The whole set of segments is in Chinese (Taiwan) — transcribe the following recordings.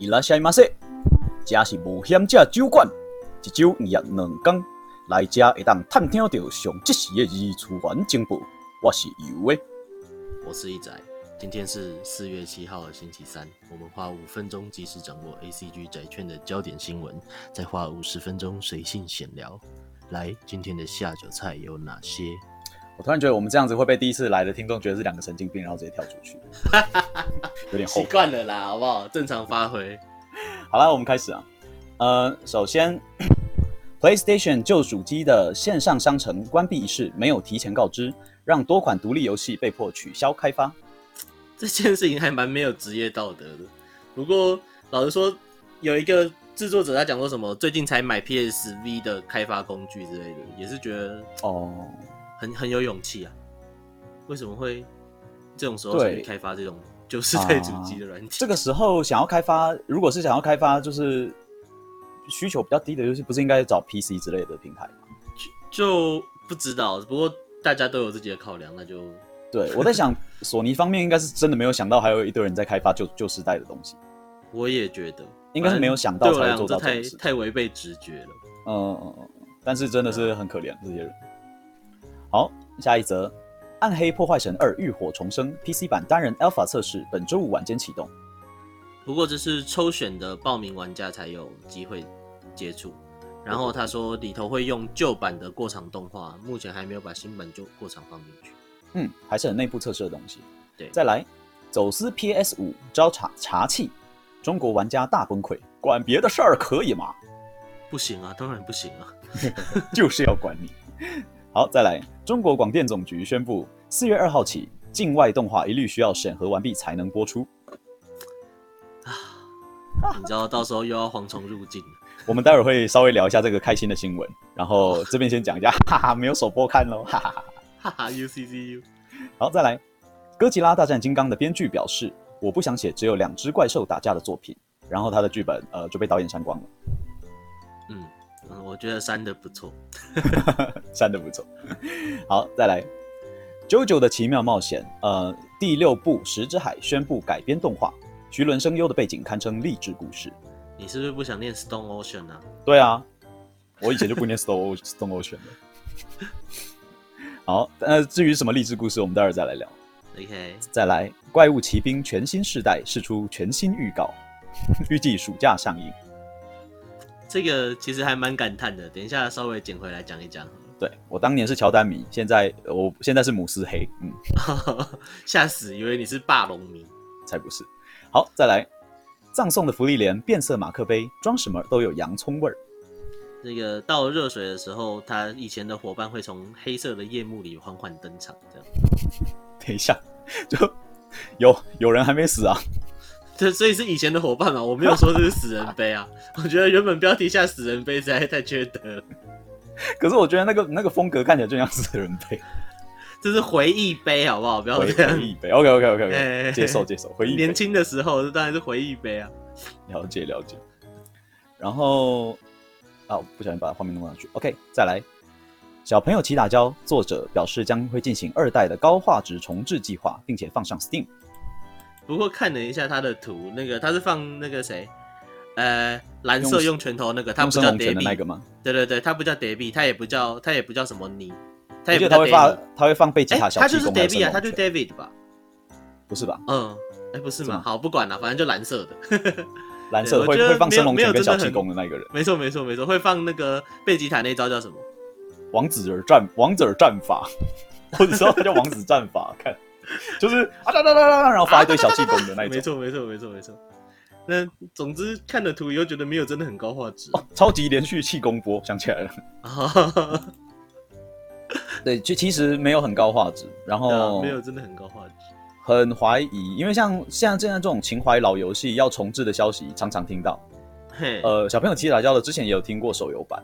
いらっしゃいませ：“這是無閒者酒館一周營業兩天，來這會當探聽到上即時的二次元情報。我是尤威，我是，我是一仔。今天是四月七號星期三，我們花五分鐘即時掌握 ACG 宅圈的焦點新聞，再花五十分鐘隨性閒聊。來，今天的下酒菜有哪些？我突然覺得我們這樣子會被第一次來的聽眾覺得是兩個神經病，然後直接跳出去。 有點習慣了啦，好不好？正常發揮。 好了，我們開始啊。呃，首先 ，PlayStation 舊主機的線上商城關閉一事沒有提前告知，讓多款獨立遊戲被迫取消開發。這件事情還蠻沒有職業道德的。不過，老實說，有一個製作者他講過什麼，最近才買 PSV 的開發工具之類的，也是覺得哦。很很有勇氣啊！為什麼會這種時候才開發這種舊時代主機的軟件、呃？這個時候想要開發，如果是想要開發就是需求比較低的遊戲，就是、不是應該找 PC 之類的平台嗎就？就不知道，不過大家都有自己的考量，那就對我在想， 索尼方面應該是真的沒有想到，還有一堆人在開發舊舊時代的東西。我也覺得應該是沒有想到，才會做到這，這樣這太太違背直覺了。嗯嗯嗯，但是真的是很可憐、嗯、這些人。好，下一則，《暗黑破壞神二：獄火重生》PC 版單人 Alpha 測試本周五晚間啟動。不過這是抽選的報名玩家才有機會接觸。然後他說裡頭會用舊版的過場動畫，目前還沒有把新版舊過場放進去。嗯，還是很內部測試的東西。對，再來，走私 PS 5遭查緝，中國玩家大崩潰，管別的事兒可以嗎？不行啊，當然不行啊， 就是要管你。好，再來。中國廣電總局宣佈，四月二號起，境外動畫一律需要審核完畢才能播出。啊，你知道 到時候又要蝗蟲入境了。我們待會兒會稍微聊一下這個開心的新聞，然後這邊先講一下，哈哈，沒有首播看咯，哈哈哈，哈哈，UCCU。好，再來。哥吉拉大戰金剛的編劇表示，我不想寫只有兩只怪獸打架的作品，然後他的劇本呃就被導演刪光了。嗯。嗯、我覺得刪的不錯，刪的 不錯。好，再來《JoJo 的奇妙冒險》呃第六部《石之海》宣布改編動畫，徐倫聲優的背景堪稱勵志故事。你是不是不想念《Stone Ocean》啊呢？對啊，我以前就不念《Stone Ocean》了。 好，那至於什麼勵志故事，我們待會兒再來聊。OK，再來《怪物奇兵》全新世代釋出全新預告，預計 暑假上映。這個其實還蠻感嘆的，等一下稍微撿回來講一講。對，我當年是喬丹迷，現在我現在是姆斯黑，嗯， 嚇死，以為你是霸龍迷，才不是。好，再來，葬送的芙莉蓮變色馬克杯，裝什麼都有洋蔥味兒。那個倒熱水的時候，他以前的夥伴會從黑色的夜幕裡緩緩登場，這樣， 等一下，就有有人還沒死啊。所以是以前的夥伴嘛，我沒有說這是死人杯啊。 我覺得原本標題下死人杯實在太缺德了，可是我覺得那個那個風格看起來就像死人杯，這是回憶杯好不好？不要這樣，回，回憶杯。OK OK OK OK，、欸、接受接受回憶杯。年輕的時候，這當然是回憶杯啊。了解了解。然後啊，不小心把畫面弄上去。OK，再來。小朋友齊打交，作者表示將會進行二代的高畫質重制計劃，並且放上 Steam。不過看了一下他的圖，那個他是放那個誰，呃，藍色用拳頭那個，用他不叫疊幣嗎？對對對，他不叫疊幣，他也不叫他也不叫什麼尼，他也不叫他會放他會放貝吉塔小、欸，他就是 David 啊，他就 David 吧？不是吧？嗯，哎、欸，不是嘛麼好，不管了，反正就藍色的， 藍色會 會放升龍拳跟小氣功的那個人。沒錯沒錯沒錯，會放那個貝吉塔那招叫什麼？王子兒戰王子兒戰法， 我只知道他叫王子戰法， 看。就是噠噠噠噠，然後發一堆小氣功的那一種。啊、打打打沒錯沒錯沒錯沒錯。那總之看了圖以後覺得沒有真的很高畫質，哦，超級連續氣功波，想起來了。 對，就其實沒有很高畫質，然後，啊、沒有真的很高畫質，很懷疑。因為像，像現在這樣這種情懷老遊戲要重製的消息，常常聽到。嘿呃，小朋友齊打交的之前也有聽過手遊版。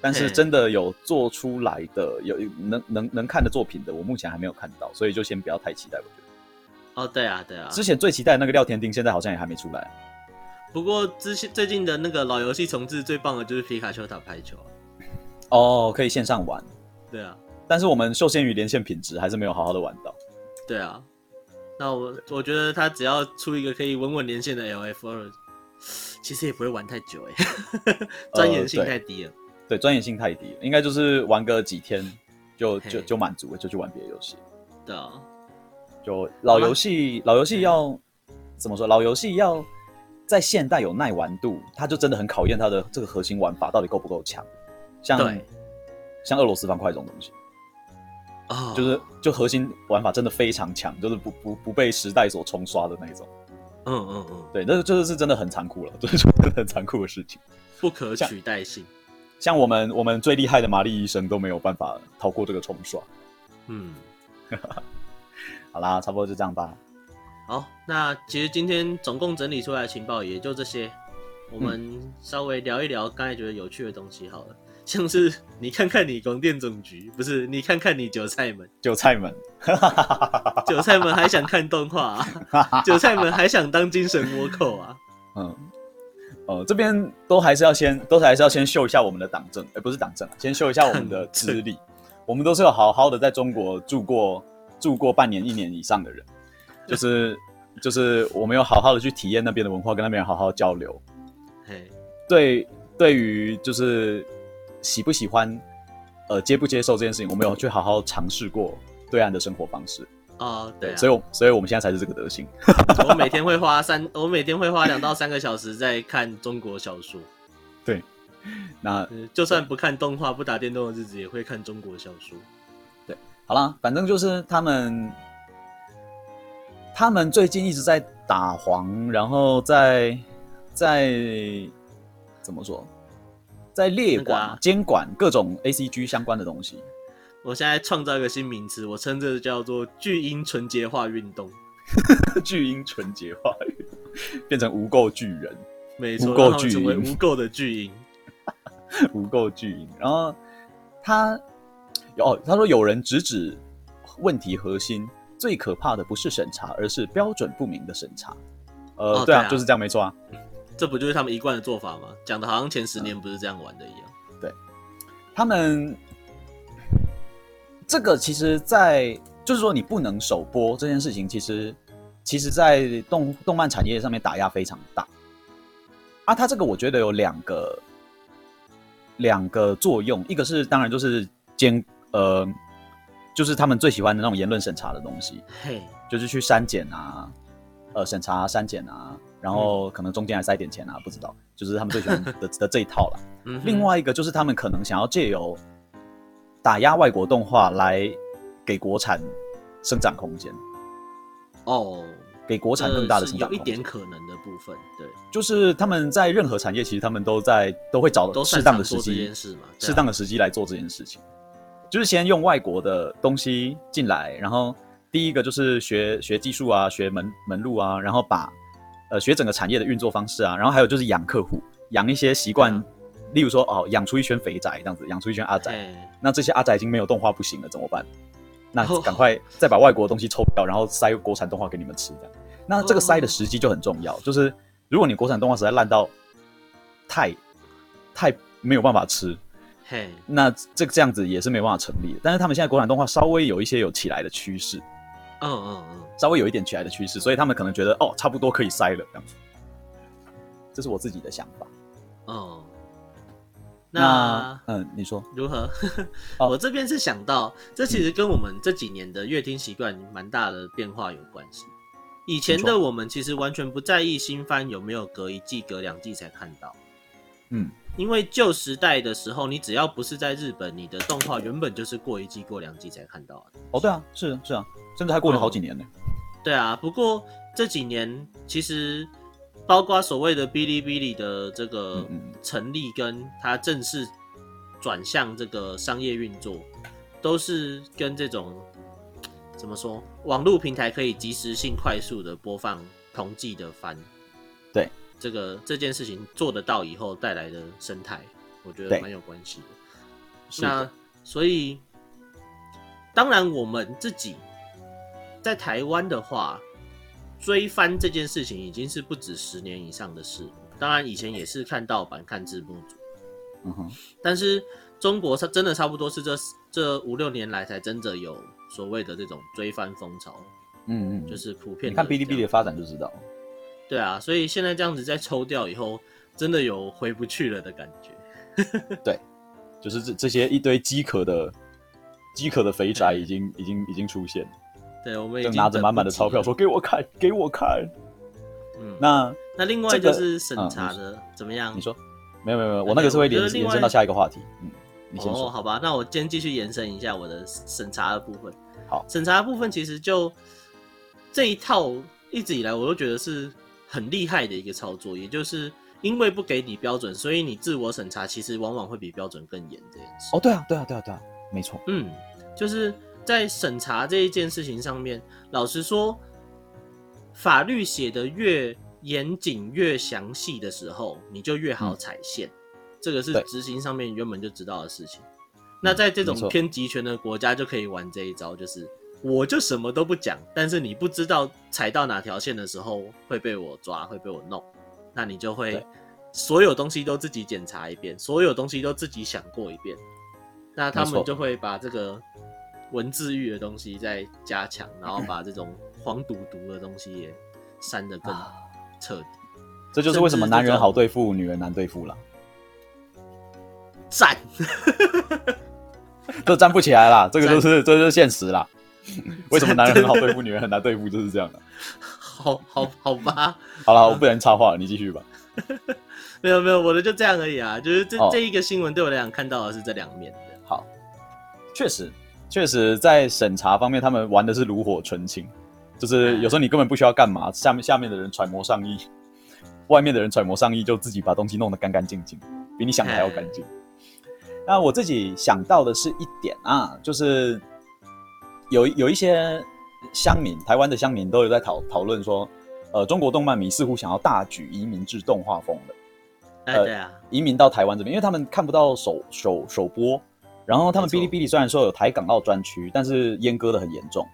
但是真的有做出來的嘿有能能能看的作品的，我目前還沒有看到，所以就先不要太期待。我覺得，哦，對啊，對啊。之前最期待那個《廖天丁》，現在好像也還沒出來。不過，之前最近的那個老遊戲重置最棒的就是皮卡丘打排球。哦，可以線上玩。對啊，但是我們受限於連線品質，還是沒有好好的玩到。對啊，那我我覺得他只要出一個可以穩穩連線的 LF2，其實也不會玩太久耶， 鑽研性太低了。呃對，專業性太低了，應該就是玩個幾天就 Hey. 就就滿足了，就去玩別的遊戲。對。Hey. 就老遊戲、oh, that 老遊戲要 Hey. 怎麼說？老遊戲要在現代有耐玩度，它就真的很考驗它的這個核心玩法到底夠不夠強。像 Hey. 像俄羅斯方塊這種東西啊，oh. 就是就核心玩法真的非常強，就是不不不被時代所沖刷的那種。嗯嗯嗯，對，那這個是真的很殘酷了，就是真的很殘酷的事情，不可取代性。像 像我們，我們最厲害的瑪麗醫生都沒有辦法逃過這個重刷。嗯， 好啦，差不多就這樣吧。好，那其實今天總共整理出來的情報也就這些。我們稍微聊一聊剛才覺得有趣的東西好了，嗯、像是你看看你廣電總局，不是你看看你韭菜們，韭菜們， 韭菜們還想看動畫，啊， 韭菜們還想當精神倭寇啊，嗯。呃，這邊都還是要先，都還是要先秀一下我們的黨證，呃，不是黨證、啊，先秀一下我們的資歷。 是我們都是有好好的在中國住過，住過半年、一年以上的人，就是就是我們有好好的去體驗那邊的文化，跟那邊好好交流。 對，對於就是喜不喜歡，呃，接不接受這件事情，我們有去好好嘗試過對岸的生活方式。Oh, 啊，對，所以，我，所以我們現在才是這個德行。 我每天會花三，我每天會花兩到三個小時在看中國小說。對，那就算不看動畫，不打電動的日子，也會看中國小說。對，好了，反正就是他們，他們最近一直在打黃，然後在在，在怎麼說，在列管、啊、監管各種 ACG 相關的東西。我現在創造一個新名詞，我稱這個叫做“巨嬰純潔化運動”。 巨嬰純潔化運動，變成無垢巨人。沒錯說，成為無垢的巨嬰。 無垢巨嬰，然後他有哦，他說有人直指問題核心，嗯、最可怕的不是審查，而是標準不明的審查。呃，oh, 對啊，對啊，就是這樣沒錯，啊，沒錯啊。這不就是他們一貫的做法嗎？講的好像前十年不是這樣玩的一樣。嗯、對，他們。這個其實在，在就是說你不能首播這件事情，其實，其實，在動動漫產業上面打壓非常大，啊，它這個我覺得有兩個，兩個作用，一個是當然就是兼呃，就是他們最喜歡的那種言論審查的東西，嘿，Hey. 就是去刪減啊，呃，審查、啊、刪減啊，然後可能中間還塞點錢啊，mm. 不知道，就是他們最喜歡的 的這一套了。Mm hmm. 另外一個就是他們可能想要借由。打壓外國動畫來給國產生長空間。哦，給國產更大的生長空間。有一點可能的部分，對，就是他們在任何產業，其實他們都在都會找適當的時機，適當的時機來做這件事情。就是先用外國的東西進來，然後第一個就是學學技術啊，學門門路啊，然後把呃學整個產業的運作方式啊，然後還有就是養客戶，養一些習慣。例如說哦，養出一圈肥宅這樣子，養出一圈阿宅，Hey. 那這些阿宅已經沒有動畫不行了，怎麼辦？那趕快再把外國的東西抽掉，然後塞國產動畫給你們吃。這樣，那這個塞的時機就很重要。Oh. 就是如果你國產動畫實在爛到太太沒有辦法吃，嘿，Hey. 那這這樣子也是沒辦法成立的。但是他們現在國產動畫稍微有一些有起來的趨勢，嗯嗯嗯，稍微有一點起來的趨勢，所以他們可能覺得哦，差不多可以塞了。這樣子。這是我自己的想法。嗯。Oh. 那嗯，你說如何？ 我這邊是想到，哦、這其實跟我們這幾年的閱聽習慣蠻大的變化有關係。以前的我們其實完全不在意新番有沒有隔一季、隔兩季才看到。嗯，因為舊時代的時候，你只要不是在日本，你的動畫原本就是過一季、過兩季才看到的。哦，對啊，是啊是啊，甚至還過了好幾年呢、欸嗯。對啊，不過這幾年其實。包括所謂的嗶哩嗶哩的這個成立，跟它正式轉向這個商業運作，都是跟這種怎麼說，網絡平台可以即時性、快速的播放同季的番，對這個這件事情做得到以後帶來的生態，我覺得蠻有關係的。的那所以，當然我們自己在台灣的話。追番這件事情已經是不止十年以上的事了，當然以前也是看盜版看字幕組，嗯哼，但是中國它真的差不多是這這五六年來才真的有所謂的這種追番風潮，嗯，嗯嗯，就是普遍的你看嗶哩嗶哩的發展就知道，對啊，所以現在這樣子在抽掉以後，真的有回不去了的感覺， 對，就是這這些一堆飢渴的飢渴的肥宅已經 已經已經，已經出現。對，我們也拿着滿滿的鈔票說給我看，給我看。嗯，那那另外就是審查的、這個嗯、怎麼樣？你說沒有沒有沒有，嗯、我那個是會延延伸到下一個話題。嗯，你先說、哦、好吧。那我先繼續延伸一下我的審查的部分。好，審查的部分其實就這一套一直以來我都覺得是很厲害的一個操作，也就是因為不給你標準，所以你自我審查其實往往會比標準更嚴。這件事哦，對啊，對啊，對啊，對啊，沒錯。嗯，就是。在審查這一件事情上面，老實說，法律寫得越嚴謹越詳細的時候，你就越好踩線。嗯、這個是執行上面原本就知道的事情。那在這種偏極權的國家，就可以玩這一招，就是、嗯、我就什麼都不講，但是你不知道踩到哪條線的時候會被我抓，會被我弄，那你就會所有東西都自己檢查一遍，所有東西都自己想過一遍。那他們就會把這個。文字獄的東西在加強，然後把這種黃賭毒的東西也刪的更徹底、啊。這就是為什麼男人好對付，女人難對付了。站讚，都站不起來啦，這個就是讚這就是現實啦讚為什麼男人很好對付， 女人很難對付，就是這樣的、啊。好，好，好吧。 好了，我不能插話了，你繼續吧。 沒有沒有，我的就這樣而已啊。就是這、哦、這一個新聞對我來講，看到的是這兩面的。好，確實。確實在審查方面，他們玩的是爐火純青，就是有時候你根本不需要幹嘛，啊、下面下面的人揣摩上意，外面的人揣摩上意，就自己把東西弄得乾乾淨淨，比你想的還要乾淨。哎、那我自己想到的是一點啊，就是有有一些鄉民，台灣的鄉民都有在討討論說，呃，中國動漫迷似乎想要大舉移民至動畫瘋的，哎，對啊、呃，移民到台灣這邊，因為他們看不到首首首播。然後他們嗶哩嗶哩雖然說有台港澳專區，沒錯。但是閹割得很嚴重。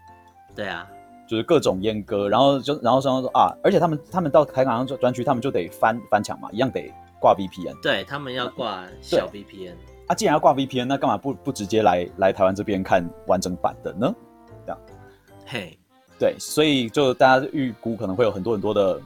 對啊，就是各種閹割。然後就然後說說，啊，而且他們他們到台港澳專區，他們就得翻翻牆嘛，一樣得掛 VPN。對他們要掛小 VPN。啊，既然要掛 VPN，那幹嘛不不直接來來台灣這邊看完整版的呢？這樣。嘿 Hey，對，所以就大家預估可能會有很多很多的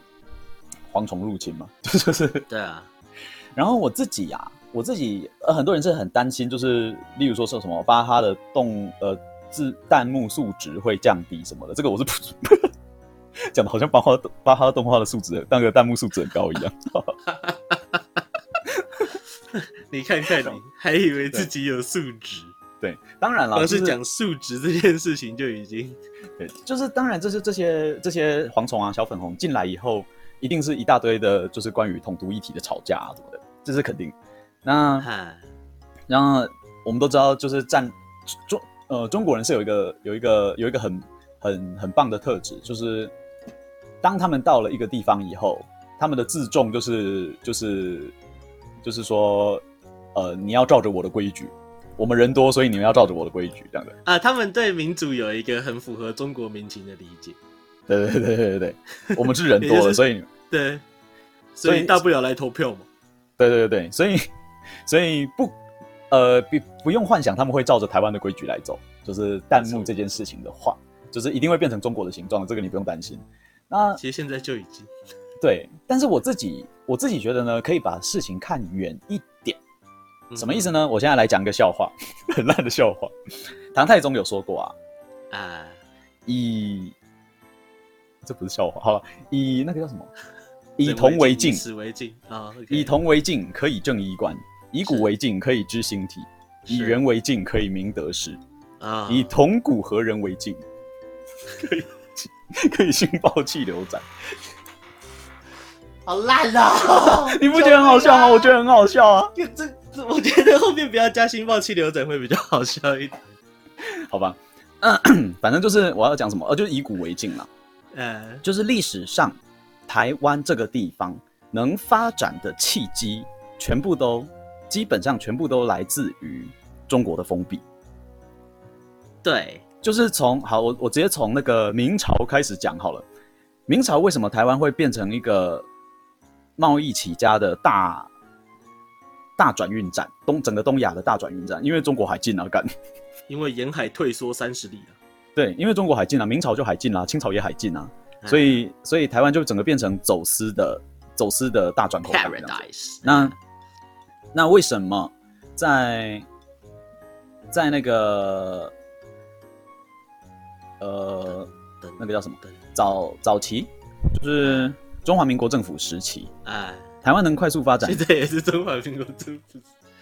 蝗蟲入侵嘛，就是對啊。 然後我自己呀、啊。我自己呃，很多人是很擔心，就是例如說說什麼巴哈的動呃字彈幕素質會降低什麼的，這個我是不講的， 好像巴哈巴哈動畫的素質當個彈幕素質很高一樣。 你看一看你，你 還以為自己有素質？對，當然了，光、就是講素質這件事情就已經 對，就是當然，就是這些這些蝗蟲啊、小粉紅進來以後，一定是一大堆的，就是關於統獨議題的吵架啊什麼的，這、就是肯定。那，然後我們都知道，就是占中呃中國人是有一個有一個有一個很很很棒的特質，就是當他們到了一個地方以後，他們的自重就是就是就是說，呃，你要照着我的規矩，我們人多，所以你們要照着我的規矩，這樣子啊。他們對民主有一個很符合中國民情的理解。對對對對對，我們是人多了， 就是、所以對，所以大不了來投票嘛。對，對對對，所以。所以不，呃，不不用幻想他們會照着台灣的規矩來走。就是彈幕這件事情的話，就是一定會變成中國的形狀的，這個你不用擔心。那其實現在就已經對，但是我自己我自己覺得呢，可以把事情看遠一點。嗯、什麼意思呢？我現在來講一個笑話，嗯、 很爛的笑話。唐太宗有說過啊，啊，以這不是笑話，好了，以那個叫什麼？ 以銅為鏡，史 為鏡啊，Oh, okay, okay. 以銅為鏡可以正衣冠。以古為鏡，可以知興替；以人為鏡，可以明得失。啊，以銅古和人為鏡，可以可以心爆氣流斬，好爛啊！你不覺得很好笑嗎？我覺得很好笑啊！ 這這，這，我覺得後面不要加心爆氣流斬會比較好笑一點。 好吧，嗯、呃， 反正就是我要講什麼，呃，就是以古為鏡嘛，呃，uh. 就是歷史上台灣這個地方能發展的契機，全部都。基本上全部都來自於中國的封閉。對，就是從好，我我直接從那個明朝開始講好了。明朝為什麼台灣會變成一個貿易起家的大大轉運站？東整個東亞的大轉運站，因為中國海禁啊，敢？因為沿海退縮三十里啊。對，因為中國海禁啊，明朝就海禁啦，清朝也海禁啊，所以所以台灣就整個變成走私的走私的大轉口。那。那為什麼在在那個呃等等那個叫什麼等等早早期，就是中華民國政府時期，哎，台灣能快速發展，這、哎、當也是中華民國政府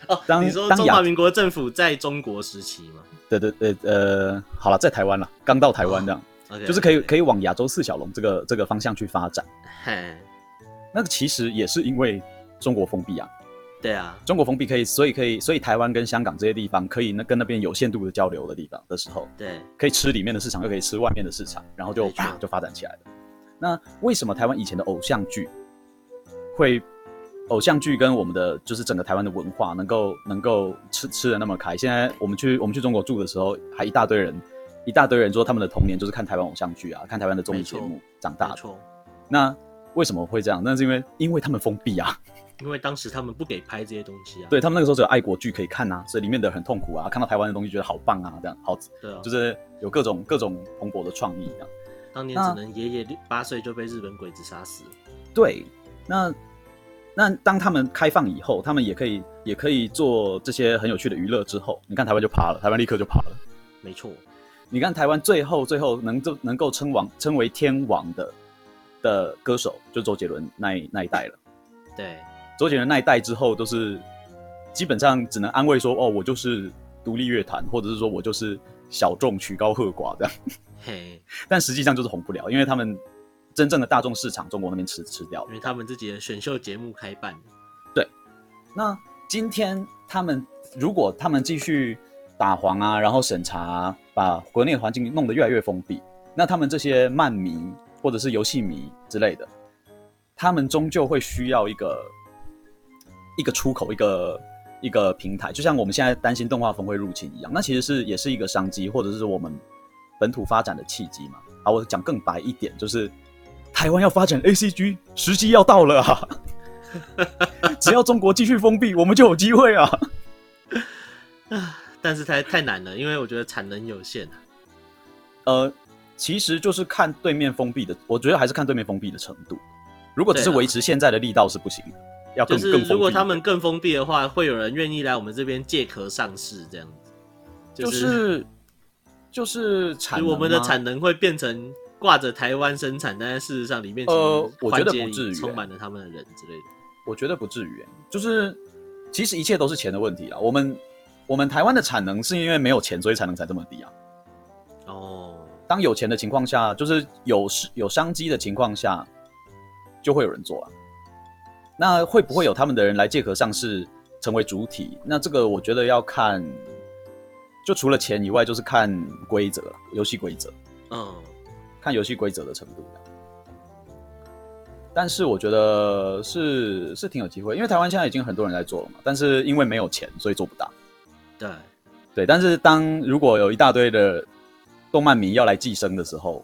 哦。當你說中華民國政府在中國時期嗎？對對對呃，好了，在台灣了，剛到台灣這樣，哦、就是可以可以往亞洲四小龍這個這個方向去發展。嘿、哎，那個其實也是因為中國封閉啊。對啊，中國封閉可以，所以可以，所以台灣跟香港這些地方可以，那跟那邊有限度的交流的地方的時候，對，可以吃裡面的市場，對又可以吃外面的市場，然後就對就發展起來了。啊、那為什麼台灣以前的偶像劇會，偶像劇跟我們的就是整個台灣的文化能夠能夠，能夠吃吃得那麼開？現在我們去我們去中國住的時候，還一大堆人，一大堆人說他們的童年就是看台灣偶像劇啊，看台灣的綜藝節目錯長大的。錯那為什麼會這樣？那是因為因為他們封閉啊。因為當時他們不給拍這些東西啊，對，他們那個時候只有愛國劇可以看啊。所以裡面的很痛苦啊，看到台灣的東西覺得好棒啊，這樣好，對啊，就是有各種各種蓬勃的創意啊。當年只能爺爺八歲就被日本鬼子殺死。對，那那當他們開放以後，他們也可以也可以做這些很有趣的娛樂之後，你看台灣就爬了，台灣立刻就爬了。沒錯，你看台灣最後最後能就能夠稱王稱為天王的的歌手，就周杰倫那一那一代了。對。周杰倫那一代之後，都是基本上只能安慰說：“哦，我就是獨立樂團，或者是說我就是小眾曲高和寡這樣。 ”嘿，但實際上就是紅不了，因為他們真正的大眾市場，中國那邊吃吃掉了，因為他們自己的選秀節目開辦。對，那今天他們如果他們繼續打黃啊，然後審查啊，把國內的環境弄得越來越封閉，那他們這些漫迷或者是遊戲迷之類的，他們終究會需要一個。一個出口，一個一個平台，就像我們現在擔心動畫瘋會入侵一樣，那其實是也是一個商機，或者是我們本土發展的契機嘛。啊，我講更白一點，就是台灣要發展 ACG，時機要到了啊！ 只要中國繼續封閉，我們就有機會啊！啊， 但是太太難了，因為我覺得產能有限啊。呃，其實就是看對面封閉的，我覺得還是看對面封閉的程度。如果只是維持現在的力道是不行的。就是如果他們更封閉的話，會有人願意來我們這邊借殼上市這樣子。就是、就是、就是產能，我們的產能會變成掛着台灣生產，但是事實上裡面呃，我覺得不至於，充滿了他們的人之類的。我覺得不至於，就是其實一切都是錢的問題啊。我們我們台灣的產能是因為沒有錢，所以產能才這麼低啊。哦，當有錢的情況下，就是有有商機的情況下，就會有人做啊。那會不會有他們的人來借殼上市，成為主體？那這個我覺得要看，就除了錢以外，就是看規則、遊戲規則。嗯，看遊戲規則的程度。但是我覺得是是挺有機會，因為台灣現在已經很多人在做了嘛。但是因為沒有錢，所以做不大。對，對。但是當如果有一大堆的動漫迷要來寄生的時候，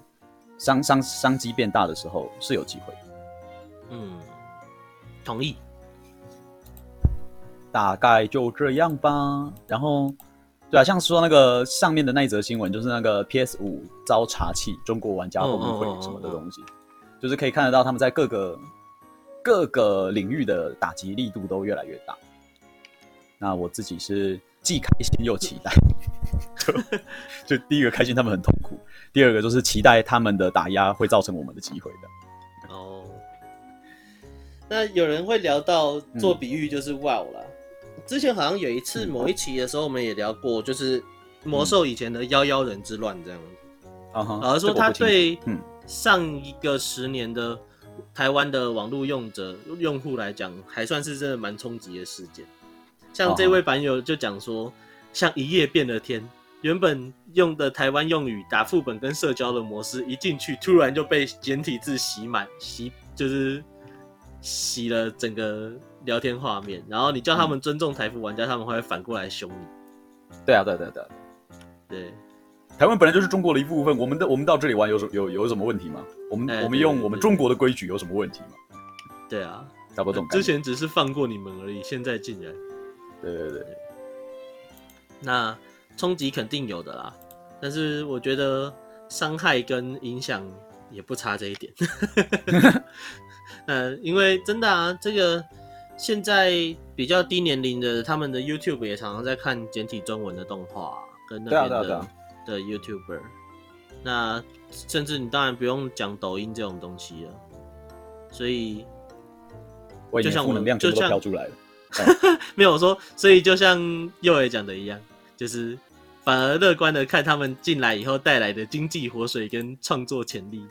商商商機變大的時候是有機會的。嗯。同意，大概就這樣吧。然後，對啊，像說那個上面的那一則新聞，就是那個 PS 五遭查緝、中國玩家崩潰什麼的東西，嗯嗯嗯嗯嗯、就是可以看得到他們在各個各個領域的打擊力度都越來越大。那我自己是既開心又期待 就，就第一個開心他們很痛苦，第二個就是期待他們的打壓會造成我們的機會的。那有人會聊到做比喻，就是 Wow 了、嗯。之前好像有一次某一期的時候，我們也聊過，就是魔獸以前的幺幺人之亂這樣子，uh、huh, 好而說他對上一個十年的台灣的網絡用者、嗯、用戶來講，還算是真的蠻衝擊的事件。像這位版友就講說，uh huh. 像一夜變了天，原本用的台灣用語打副本跟社交的模式，一進去突然就被簡體字洗滿，洗就是。洗了整個聊天畫面，然後你叫他們尊重台服玩家，他們會反過來兇你。對啊，對啊對、啊對，啊、對，對，台灣本來就是中國的一部分，我們的我們到這裡玩有什有有什麼問題嗎？我們、哎，對對對對我們用我們中國的規矩有什麼問題嗎？對啊，打不動。之前只是放過你們而已，現在竟然。對對對。對那衝擊肯定有的啦，但是我覺得傷害跟影響也不差這一點。 呃，因為真的啊，這個現在比較低年齡的，他們的 YouTube 也常常在看簡體中文的動畫、啊、跟那邊的的 YouTuber。那甚至你當然不用講抖音這種東西了，所以喂就像我們能量全都飄出來了。像呵呵沒有說，所以就像幼兒講的一樣，就是反而樂觀的看他們進來以後帶來的經濟活水跟創作潛力。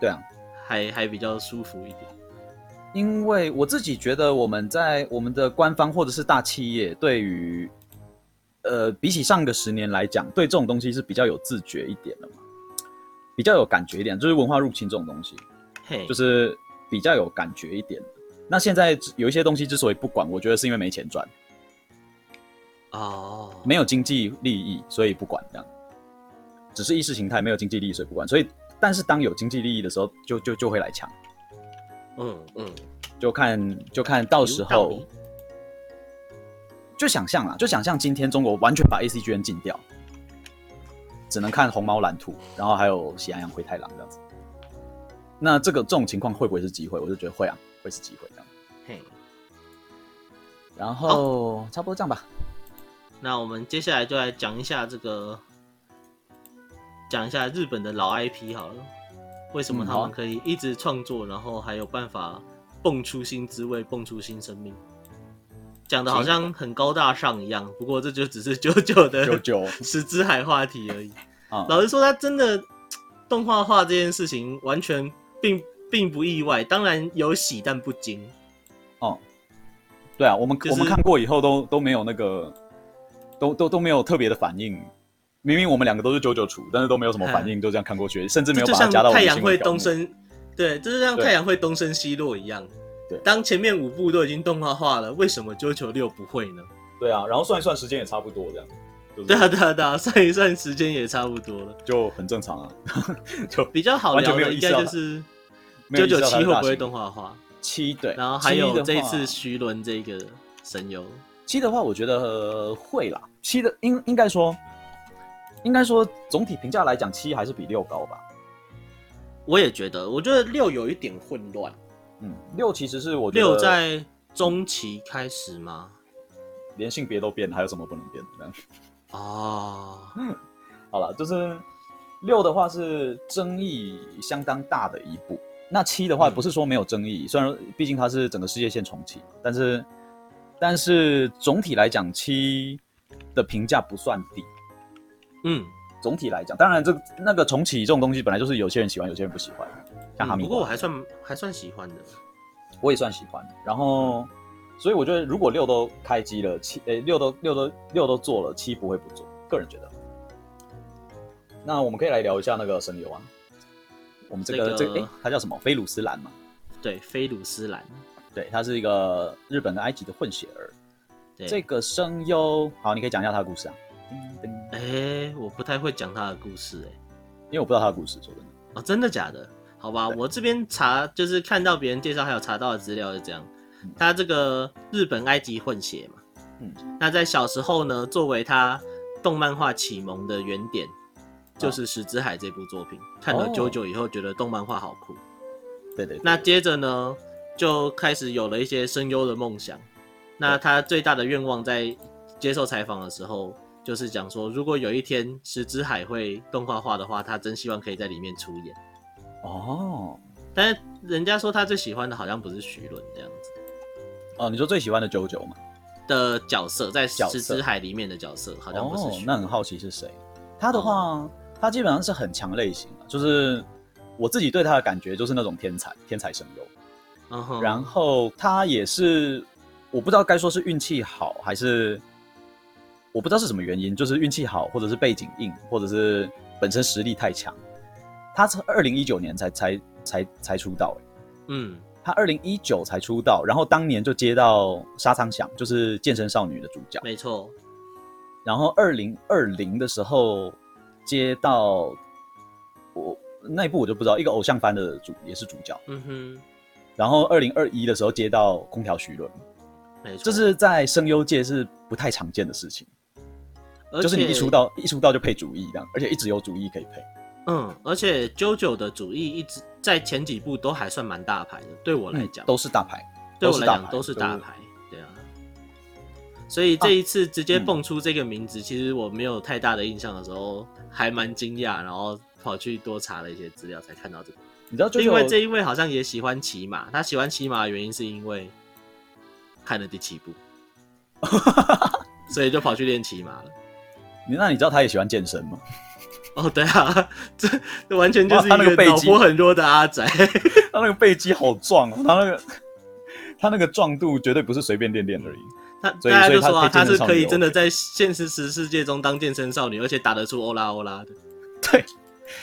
對啊。還還比較舒服一點，因為我自己覺得我們在我們的官方或者是大企業，對於，呃，比起上個十年來講，對這種東西是比較有自覺一點的嘛，比較有感覺一點，就是文化入侵這種東西，嘿，就是比較有感覺一點。那現在有一些東西之所以不管，我覺得是因為沒錢賺，哦，oh. 沒有經濟利益，所以不管這樣，只是意識形態，沒有經濟利益，所以不管，所以。但是當有經濟利益的時候，就就就，就會來搶、嗯。嗯嗯，就看就看到時候，就想象啊，就想象今天中國完全把 ACGN 禁掉，只能看《虹貓藍兔》，然後還有《喜羊羊灰太狼》這樣子。那這個這種情況會不會是機會？我就覺得會啊，會是機會這樣嘿，然後、哦、差不多這樣吧。那我們接下來就來講一下這個。講一下日本的老 IP 好了，為什麼他們可以一直創作，嗯、好然後還有辦法蹦出新滋味、蹦出新生命？講的好像很高大上一樣，不過這就只是 JoJo 的 JoJo jo 石之海話題而已。嗯、老實說，他真的動畫化這件事情完全並並不意外，當然有喜但不驚。哦、嗯，對啊，我們、就是、我們看過以後都都沒有那個，都都都沒有特別的反應。明明我們兩個都是九九廚，但是都沒有什麼反應，就這樣看過去，甚至沒有加到太陽會東升。對，就是像太陽會東升西落一樣。對，當前面五部都已經動畫化了，為什麼九九六不會呢？對啊，然後算一算時間也差不多這樣。對啊，對啊，對啊，算一算時間也差不多了，就很正常啊。就比較好聊的應該就是九九七會不會動畫化？七對，然後還有這一次徐倫這個聲優七的話，我覺得會啦。七的應應該說。應該說，總體評價來講，七還是比六高吧。我也覺得，我覺得六有一點混亂。嗯，六其實是我覺得六在中期開始嗎？連性別都變，還有什麼不能變的？啊、oh. 嗯，好了，就是六的話是爭議相當大的一步。那七的話，不是說沒有爭議，嗯、雖然畢竟它是整個世界線重啟，但是但是總體來講，七的評價不算低。嗯，總體來講，當然這那個重啟這種東西，本來就是有些人喜歡，有些人不喜歡。像哈密瓜、嗯、不過我還算還算喜歡的，我也算喜歡。然後，所以我覺得如果六都開機了，七、欸、六都六都六都做了，七不會不做，個人覺得。那我們可以來聊一下那個聲優啊。我們這個這個這個欸、他叫什麼？菲魯斯蘭嘛。對，菲魯斯蘭。對，他是一個日本的埃及的混血兒。對這個聲優，好，你可以講一下他的故事啊。哎，我不太會講他的故事哎，因為我不知道他的故事，說真的哦，真的假的？好吧，對我這邊查就是看到別人介紹還有查到的資料是這樣，他這個日本埃及混血嘛，嗯，那在小時候呢，嗯、作為他動漫畫啟蒙的原點，嗯、就是《石之海》這部作品，哦、看了 JOJO 以後覺得動漫畫好酷，對，對對，那接着呢就開始有了一些聲優的夢想，哦、那他最大的願望在接受採訪的時候。就是講說，如果有一天石之海會動畫化的話，他真希望可以在裡面出演。哦，但是人家說他最喜歡的好像不是徐倫這樣子。哦，你說最喜歡的九九嗎？的角色在石之海裡面的角色好像不是。哦，那很好奇是誰？他的話，他基本上是很強類型，就是我自己對他的感覺就是那種天才，天才聲優。嗯哼。然後他也是，我不知道該說是運氣好還是。我不知道是什麼原因，就是運氣好，或者是背景硬，或者是本身實力太強。他是二零一九年才才才才出道哎，嗯，他二零一九才出道，然後當年就接到紗倉響，就是《健身少女》的主角，沒錯。然後二零二零的時候接到我那一部我就不知道一個偶像番的主也是主角，嗯哼。然後二零二一的時候接到空條徐倫，沒錯，這是在聲優界是不太常見的事情。就是你一出道，且一出道就配主役這樣，而且一直有主役可以配。嗯，而且 JoJo 的主役一直在前幾部都還算蠻大牌的，對我來講、嗯、都是大牌。對我來講都是大牌，對啊。所以這一次直接蹦出這個名字，啊嗯、其實我沒有太大的印象的時候，還蠻驚訝，然後跑去多查了一些資料，才看到這個。你知道，因為這一位好像也喜歡騎馬，他喜歡騎馬的原因是因為看了第七部， 所以就跑去練騎馬了。那你知道他也喜歡健身嗎？哦，對啊，這完全就是他那個背肌很弱的阿宅，他那個背肌好壯，哦，他那個他那個壯度絕對不是隨便練練而已。嗯、他以大家就說啊，他，他是可以真的在現實實世界中當健身少女，而且打得出歐拉歐拉的。對，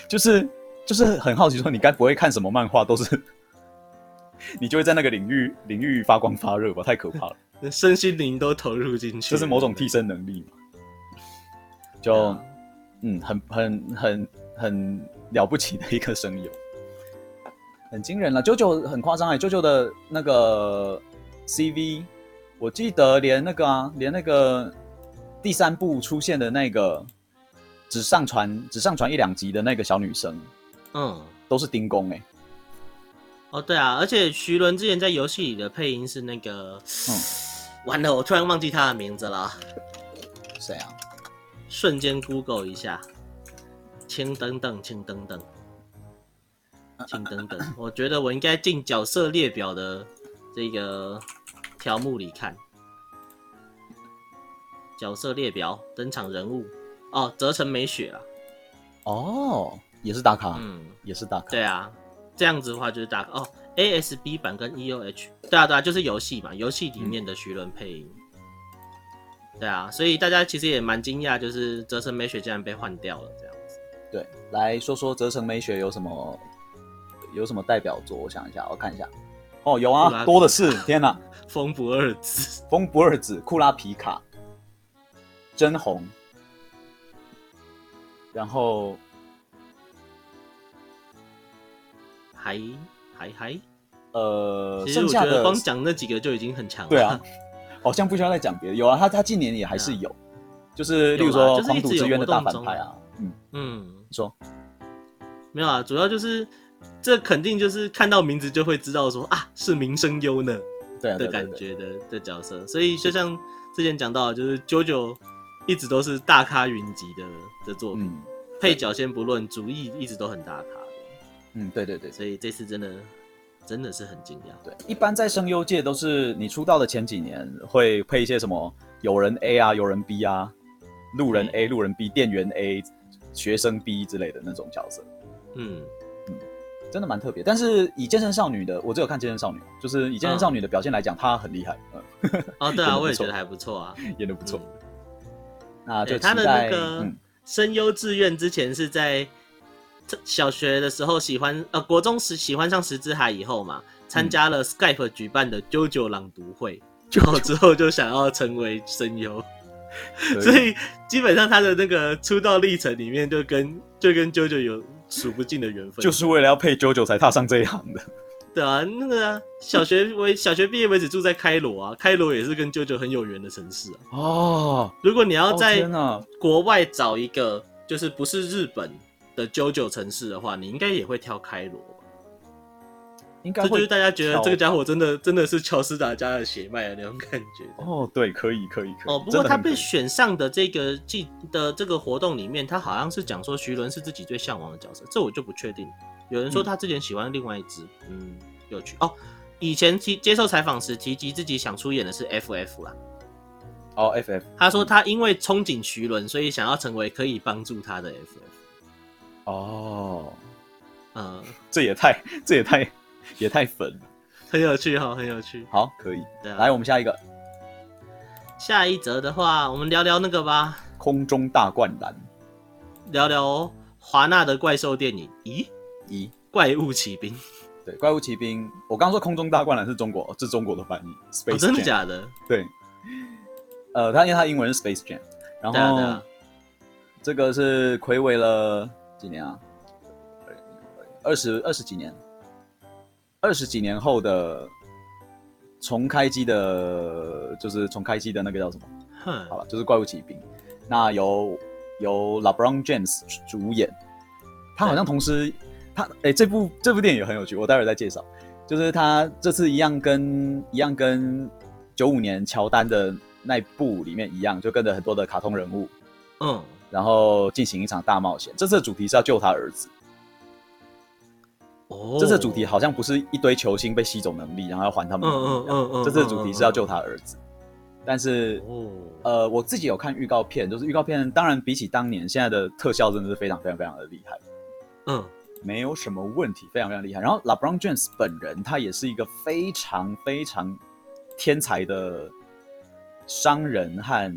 就是就是很好奇，說你該不會看什麼漫畫都是，你就會在那個領域領域發光發熱吧？太可怕了，身心靈都投入進去，就是某種替身能力嘛。就，嗯，很很很很了不起的一個聲優，很驚人了。JOJO 很誇張哎，JOJO 的那個 CV，我記得連那個啊，連那個第三部出現的那個只上傳只上傳一兩集的那個小女生，嗯，都是丁工哎、欸。哦，對啊，而且徐倫之前在遊戲裡的配音是那個，嗯、完了，我突然忘記他的名字了，誰啊？瞬間 Google 一下，請等等，請等等，請等等。我覺得我應該進角色列表的這個條目裡看。角色列表、登場人物哦，澤城美雪啊，哦，也是大咖。嗯，也是大咖。對啊，這樣子的話就是大咖哦。ASB 版跟 EOH，對啊對啊，就是遊戲嘛，遊戲裡面的徐倫配音。嗯對啊，所以大家其實也蠻驚訝，就是澤城美雪竟然被換掉了這樣子。對，來說說澤城美雪有什麼有什麼代表作？我想一下，我看一下，哦，有啊，多的是。天哪，峰不二子，峰不二子，酷拉皮卡，真紅，然後還還還，hi, hi, hi 呃，剩下的其實我覺得光講那幾個就已經很強了。對啊。好像不需要再講別的，有啊，他他近年也還是有，啊、就是例如說《荒土之淵》的大反派啊，嗯、就是、嗯，說，沒有啊，主要就是這肯定就是看到名字就會知道說啊是名聲優呢對、啊、的感覺的對對對對的角色，所以就像之前講到，就是 JoJo 一直都是大咖雲集的的作品，嗯、配角先不論，主役一直都很大咖嗯對，對對對，所以這次真的。真的是很驚訝。對，一般在聲優界都是你出道的前幾年會配一些什麼友人 A 啊，友人 B 啊，路人 A，、嗯、路人 B，店員 A，學生 B 之類的那種角色。嗯，嗯真的蠻特別。但是以健身少女的，我只有看健身少女，就是以健身少女的表現來講，她，嗯、很厲害。嗯、哦，對啊， 也錯我也覺得還不錯啊，演的不錯。嗯、那就期待，欸，他的那個，嗯，聲優志願之前是在。小學的時候喜歡呃，國中時喜歡上石之海以後嘛，參加了 Skype 舉辦的 JoJo jo 朗讀會，之後、嗯、之後就想要成為聲優，對所以基本上他的那個出道歷程裡面就跟就跟 JoJo jo 有數不盡的緣分，就是為了要配 JoJo jo 才踏上這一行的。對啊，那個小學為小學畢業為止住在開羅啊，開羅也是跟 JoJo jo 很有緣的城市啊。哦，如果你要在國外找一個，哦、就是不是日本的九九城市的話，你應該也會挑開羅。應該這就是大家覺得這個家伙真的喬真的是喬斯達家的血脈的那種感覺。哦，對，可以可以。可以哦，可以，不過他被選上的這個記的這個活動裡面，他好像是講說徐倫是自己最向往的角色，這我就不確定。有人說他之前喜歡另外一只，嗯，嗯，有趣哦。以前提接受採訪時提及自己想出演的是 FF 啦，哦，FF。FF，他說他因為憧憬徐倫，所以想要成為可以幫助他的 FF。哦，嗯、oh, 呃，這也太，這也太，也太粉了， 很有趣，好，很有趣，好，可以，啊、來，我們下一個，下一則的話，我們聊聊那個吧，空中大灌籃，聊聊華納的怪獸電影，咦咦，怪物奇兵，對，怪物奇兵，我剛，剛說空中大灌籃是中國，是中國的翻譯，space jam 哦、真的假的？對，呃，他因為他英文是 Space Jam，然後、啊啊、這個是魁偉了。幾年啊？二十二十幾年，二十幾年後的重開機的，就是重開機的那個叫什麼？哼好吧，就是《怪物奇兵》，那由由 LeBron James 主演。他好像同時，對他哎、欸，這部這部電影也很有趣，我待會再介紹。就是他這次一樣跟一樣跟九五年喬丹的那部裡面一樣，就跟着很多的卡通人物。嗯。然後進行一場大冒險。這次主題是要救他兒子。哦，oh。這次主題好像不是一堆球星被吸走能力，然後要還他們。嗯，這次主題是要救他兒子。但是，呃，我自己有看預告片，就是預告片當然比起當年現在的特效真的是非常非常非常的厲害。嗯，uh。沒有什麼問題，非常非常厲害。然後，LeBron James 本人他也是一個非常非常天才的商人和。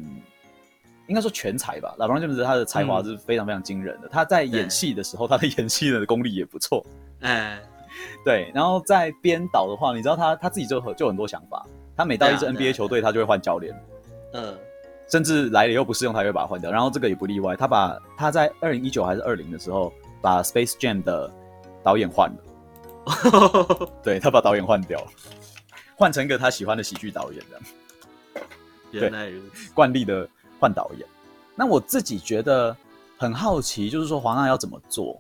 應該說全才吧，老羅就是他的才華是非常非常驚人的。嗯、他在演戲的時候，對他的演戲的功力也不錯。哎、呃，對。然後在編導的話，你知道他他自己就就很多想法。他每到一支 NBA 球隊，對對對，他就會換教練。嗯，呃、甚至來了又不適用，他就會把他換掉。然後這個也不例外，他把他在二零一九還是二零的時候，把 Space Jam 的導演換了。哦、呵呵呵，對他把導演換掉了，換成一個他喜歡的喜劇導演的。原來慣例的。換導演，那我自己覺得很好奇，就是說皇上要怎麼做，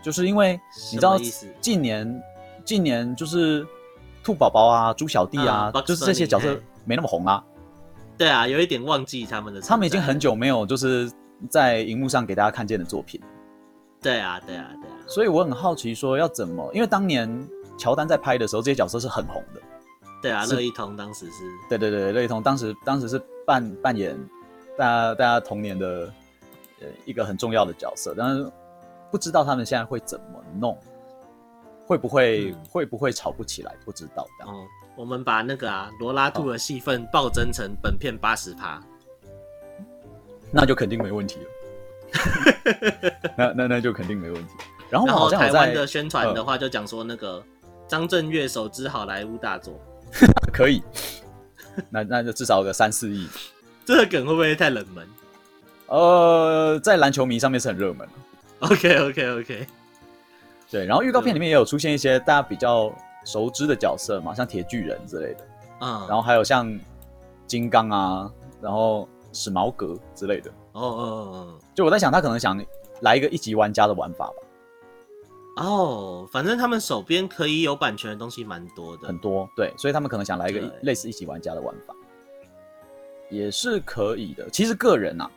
就是因為你知道，近年近年就是兔寶寶啊、豬小弟啊，嗯、就是這些角色沒那麼紅啊。對啊、嗯，有一點忘記他們的，他們已經很久沒有就是在熒幕上給大家看見的作品。嗯、對啊，對啊，對啊。所以我很好奇，說要怎麼，因為當年喬丹在拍的時候，這些角色是很紅的。對啊，是樂一通當時是。對，對對對，樂一通當時當時，當時是扮扮演。大家，大家童年的呃一個很重要的角色，但是不知道他們現在會怎麼弄，會不會、嗯、會不會吵不起來？不知道。嗯，我們把那個啊羅拉兔的戲份暴增成本片八十趴，那就肯定沒問題了。 那那那就肯定沒問題。然後，然後台灣的宣傳的話，嗯、就講說那個張震岳首支好萊塢大作， 可以， 那那就至少有個三四億。這個梗會不會太冷門？呃，在籃球迷上面是很熱門。OK OK OK。對，然後預告片裡面也有出現一些大家比較熟知的角色嘛，像鐵巨人之類的。嗯，然後還有像金剛啊，然後史矛革之類的。哦哦哦，就我在想，他可能想來一個一級玩家的玩法吧。哦，oh, 反正他們手邊可以有版權的東西蠻多的，很多，對，所以他們可能想來一個類似一級玩家的玩法。也是可以的。其實個人啊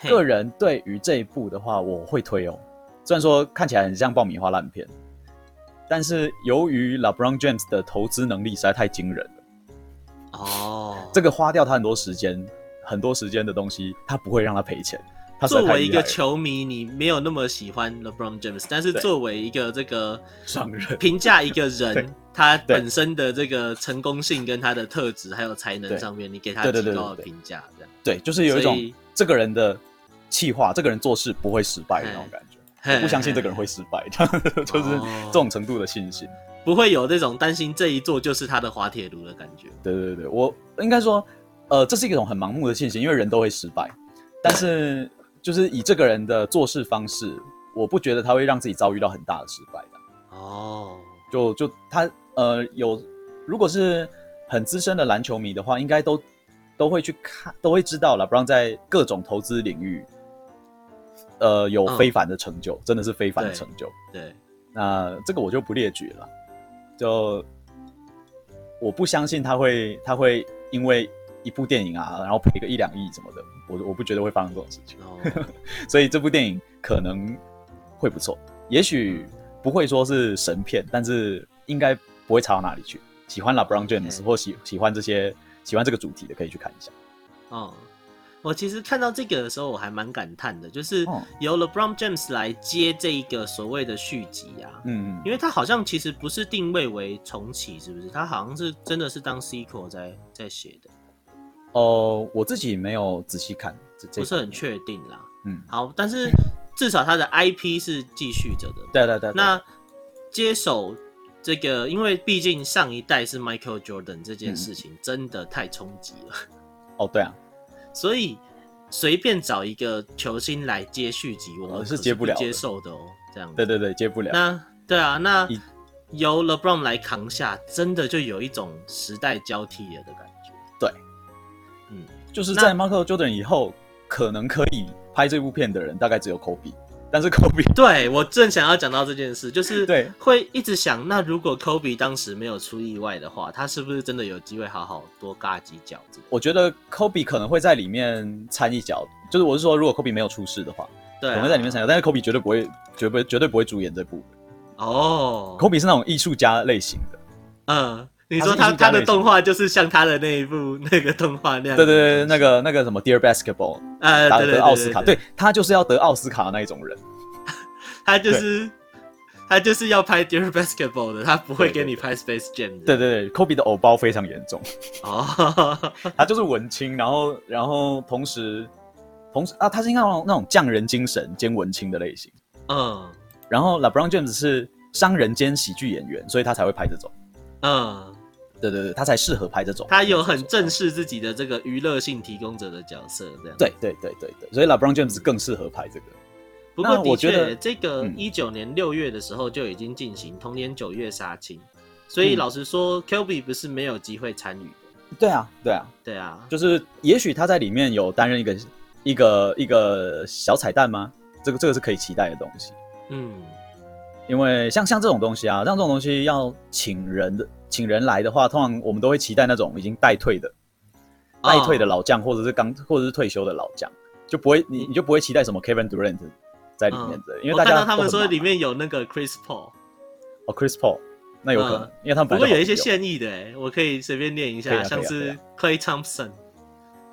，Hey. 個人對於這一部的話，我會推哦。雖然說看起來很像爆米花爛片，但是由於 LeBron James 的投資能力實在太驚人了，哦，oh. 這個花掉他很多時間、很多時間的東西，他不會讓他賠錢。他作為一個球迷，你沒有那麼喜歡 LeBron James，但是作為一個這個商人，評價一個人。 他本身的這個成功性跟他的特質還有才能上面，對你給他最高的評價，這樣對，就是有一種以這個人的氣話，這個人做事不會失敗的那種感覺，嘿我不相信這個人會失敗的嘿嘿嘿 就是這種程度的信心，oh, 不會有這種擔心這一做就是他的滑鐵盧的感覺。對對對，我應該說，呃，這是一種很盲目的信心，因為人都會失敗，但是就是以這個人的做事方式，我不覺得他會讓自己遭遇到很大的失敗的。哦。Oh. 就就他呃有，如果是很資深的籃球迷的話，應該都都會去看，都會知道了。不然在各種投資領域，呃，有非凡的成就，嗯、真的是非凡的成就。對，對那這個我就不列舉了。就我不相信他會，他會因為一部電影啊，然後賠個一兩億什麼的，我我不覺得會發生這種事情。哦、 所以這部電影可能會不錯，也許、嗯。不會說是神片，但是應該不會差到哪裡去。喜歡 LeBron James Okay. 或喜喜歡這些喜歡這個主題的，可以去看一下。哦，我其實看到這個的時候，我還蠻感嘆的，就是由 LeBron James 來接這一個所謂的續集啊。嗯、哦、嗯，因為它好像其實不是定位為重啟，是不是？它好像是真的是當 Sequel 在在寫的。哦，我自己沒有仔細看，不是很確定啦。嗯，好，但是。嗯至少他的 IP 是繼續着的。對，對對對。那接手這個，因為畢竟上一代是 Michael Jordan，這件事情、嗯、真的太衝擊了。哦，對啊。所以隨便找一個球星來接續集，我是接不了、接受的哦。哦的這樣子。對對對，接不了。那對啊，那由 LeBron 來扛下，真的就有一種時代交替了的感覺。對，嗯，就是在 Michael 那 Jordan 以後，可能可以。拍這部片的人大概只有科比，但是科比 對，我正想要講到這件事，就是對會一直想，對那如果科比當時沒有出意外的話，他是不是真的有機會好好多嘎幾腳、這個？我覺得科比可能會在裡面參一腳，就是我是說，如果科比沒有出事的話，對、啊，會在裡面參與，但是科比絕對不會，絕不絕對不會主演這部。哦、oh，科比是那種藝術家類型的，嗯、呃。你說他他的，他的動畫就是像他的那一部那個動畫那樣，的樣，對對對，那個那個什麼 Dear Basketball，呃、啊，得奧斯卡，對，他就是要得奧斯卡的那一種人， 他就是對他就是要拍 Dear Basketball 的，他不會給你拍 Space Jam。對對對，對，對，對，對，Kobe 的偶包非常嚴重哦， 他就是文青，然後然後同時同時啊，他是那種那種匠人精神兼文青的類型，嗯，然後 LeBron James 是商人兼喜劇演員，所以他才會拍這種，嗯。對對對，他才適合拍這種。他有很正視自己的這個娛樂性提供者的角色，這樣。對對對對對，所以 LeBron James 更適合拍這個。不過，我覺得這個一九年六月的時候就已經進行，同年九月殺青，嗯、所以老實說、嗯、Kobe 不是沒有機會參與的。對啊，對啊，對啊，就是也許他在裡面有擔任一個一個一個小彩蛋嗎？這個這個是可以期待的東西。嗯，因為像像這種東西啊，像這種東西要請人的。請人來的話，通常我們都會期待那種已經待退的、待退的老將，或者是剛或者是退休的老將，就不會你你就不會期待什麼 Kevin Durant 在裡面的，因為大家他們說裡面有那個 Chris Paul。哦，Chris Paul，那有可能，因為他們不會有一些現役的，我可以隨便念一下，像是 Clay Thompson，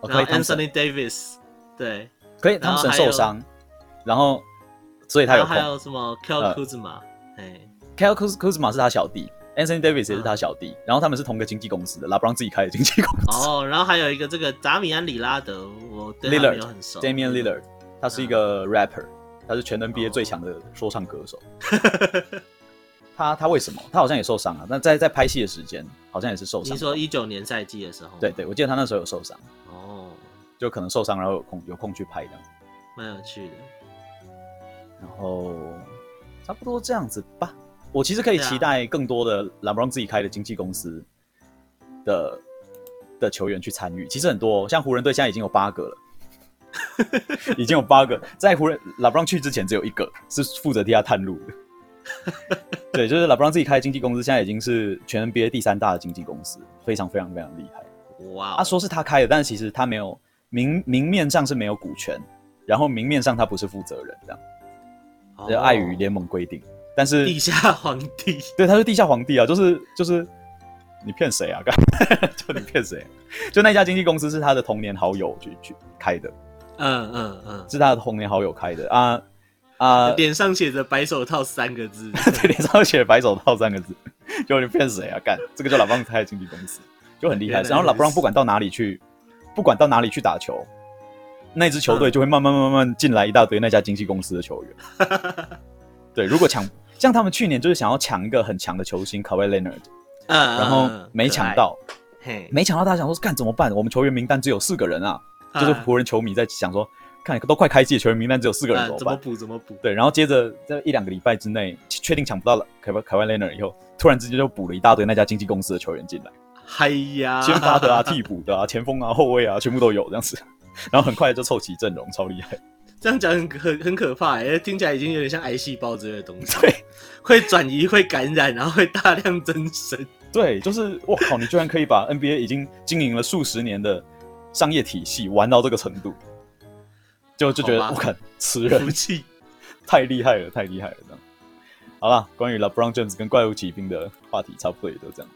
然後 Anthony Davis，對，可以。然後還有什麼 Kyle Kuzma？哎 Kyle Kuz Kuzma 是他小弟。Anthony Davis 也是他小弟，然後他們是同個經紀公司的，拉布朗自己開的經紀公司。哦，然後還有一個這個達米安里拉德，我對他沒有很熟。Damian Lillard，他是一個 rapper，他是全 NBA 最強的說唱歌手。他他為什麼？他好像也受傷了。那在在拍戲的時間，好像也是受傷。你說一九年賽季的時候？對對，我記得他那時候有受傷。哦，就可能受傷，然後有空有空去拍的，蠻有趣的。然後差不多這樣子吧。我其實可以期待更多的拉布朗自己開的經紀公司的的球員去參與。其實很多，像湖人隊現在已經有八個了， 已經有八個在湖人，拉布朗去之前，只有一個是負責替他探路的。 對，就是拉布朗自己開的經紀公司，現在已經是全 NBA 第三大的經紀公司，非常非常非常厲害。哇！Wow. 啊，說是他開的，但是其實他沒有明明面上是沒有股權，然後明面上他不是負責人，這樣，這就礙於聯盟規定。但是地下皇帝，對，他是地下皇帝啊，就是就是，你騙誰啊？幹，就你騙誰、啊？就那家經紀公司是他的童年好友去去開的，嗯嗯嗯，嗯嗯是他的童年好友開的啊啊，呃呃、臉上寫着“白手套”三個字， 對，臉上寫着“白手套”三個字， 就你騙誰啊？幹，這個叫雷霸龍開的經紀公司就很厲害。然後雷霸龍不管到哪裡去，不管到哪裡去打球，那支球隊就會慢慢慢慢進來一大堆那家經紀公司的球員。嗯、對，如果搶。 像他們去年就是想要搶一個很強的球星 Kawhi Leonard，然後沒搶到，愛沒搶到，他想說幹怎麼辦？我們球員名單只有四個人啊，啊就是湖人球迷在想說，看都快開季，球員名單只有四個人怎、啊，怎麼補怎麼補？對，然後接着在一兩個禮拜之內確定搶不到了 Kawhi Kawhi Leonard 以後，突然之間就補了一大堆那家經紀公司的球員進來，嗨、哎、呀，先發的啊、 替補的啊、前鋒啊、後衛啊，全部都有這樣子，然後很快就湊齊陣容，超厲害。這樣講很很很可怕、欸，哎，聽起來已經有點像癌細胞之類的東西。對會轉移，會感染，然後會大量增生。對，就是我靠，你居然可以把 NBA 已經經營了數十年的商業體系玩到這個程度，就就覺得不敢。吃、啊、人氣 太厲害了，太厲害了這樣！好了，關於 LeBron James 跟怪物奇兵的話題，差不多也都這樣。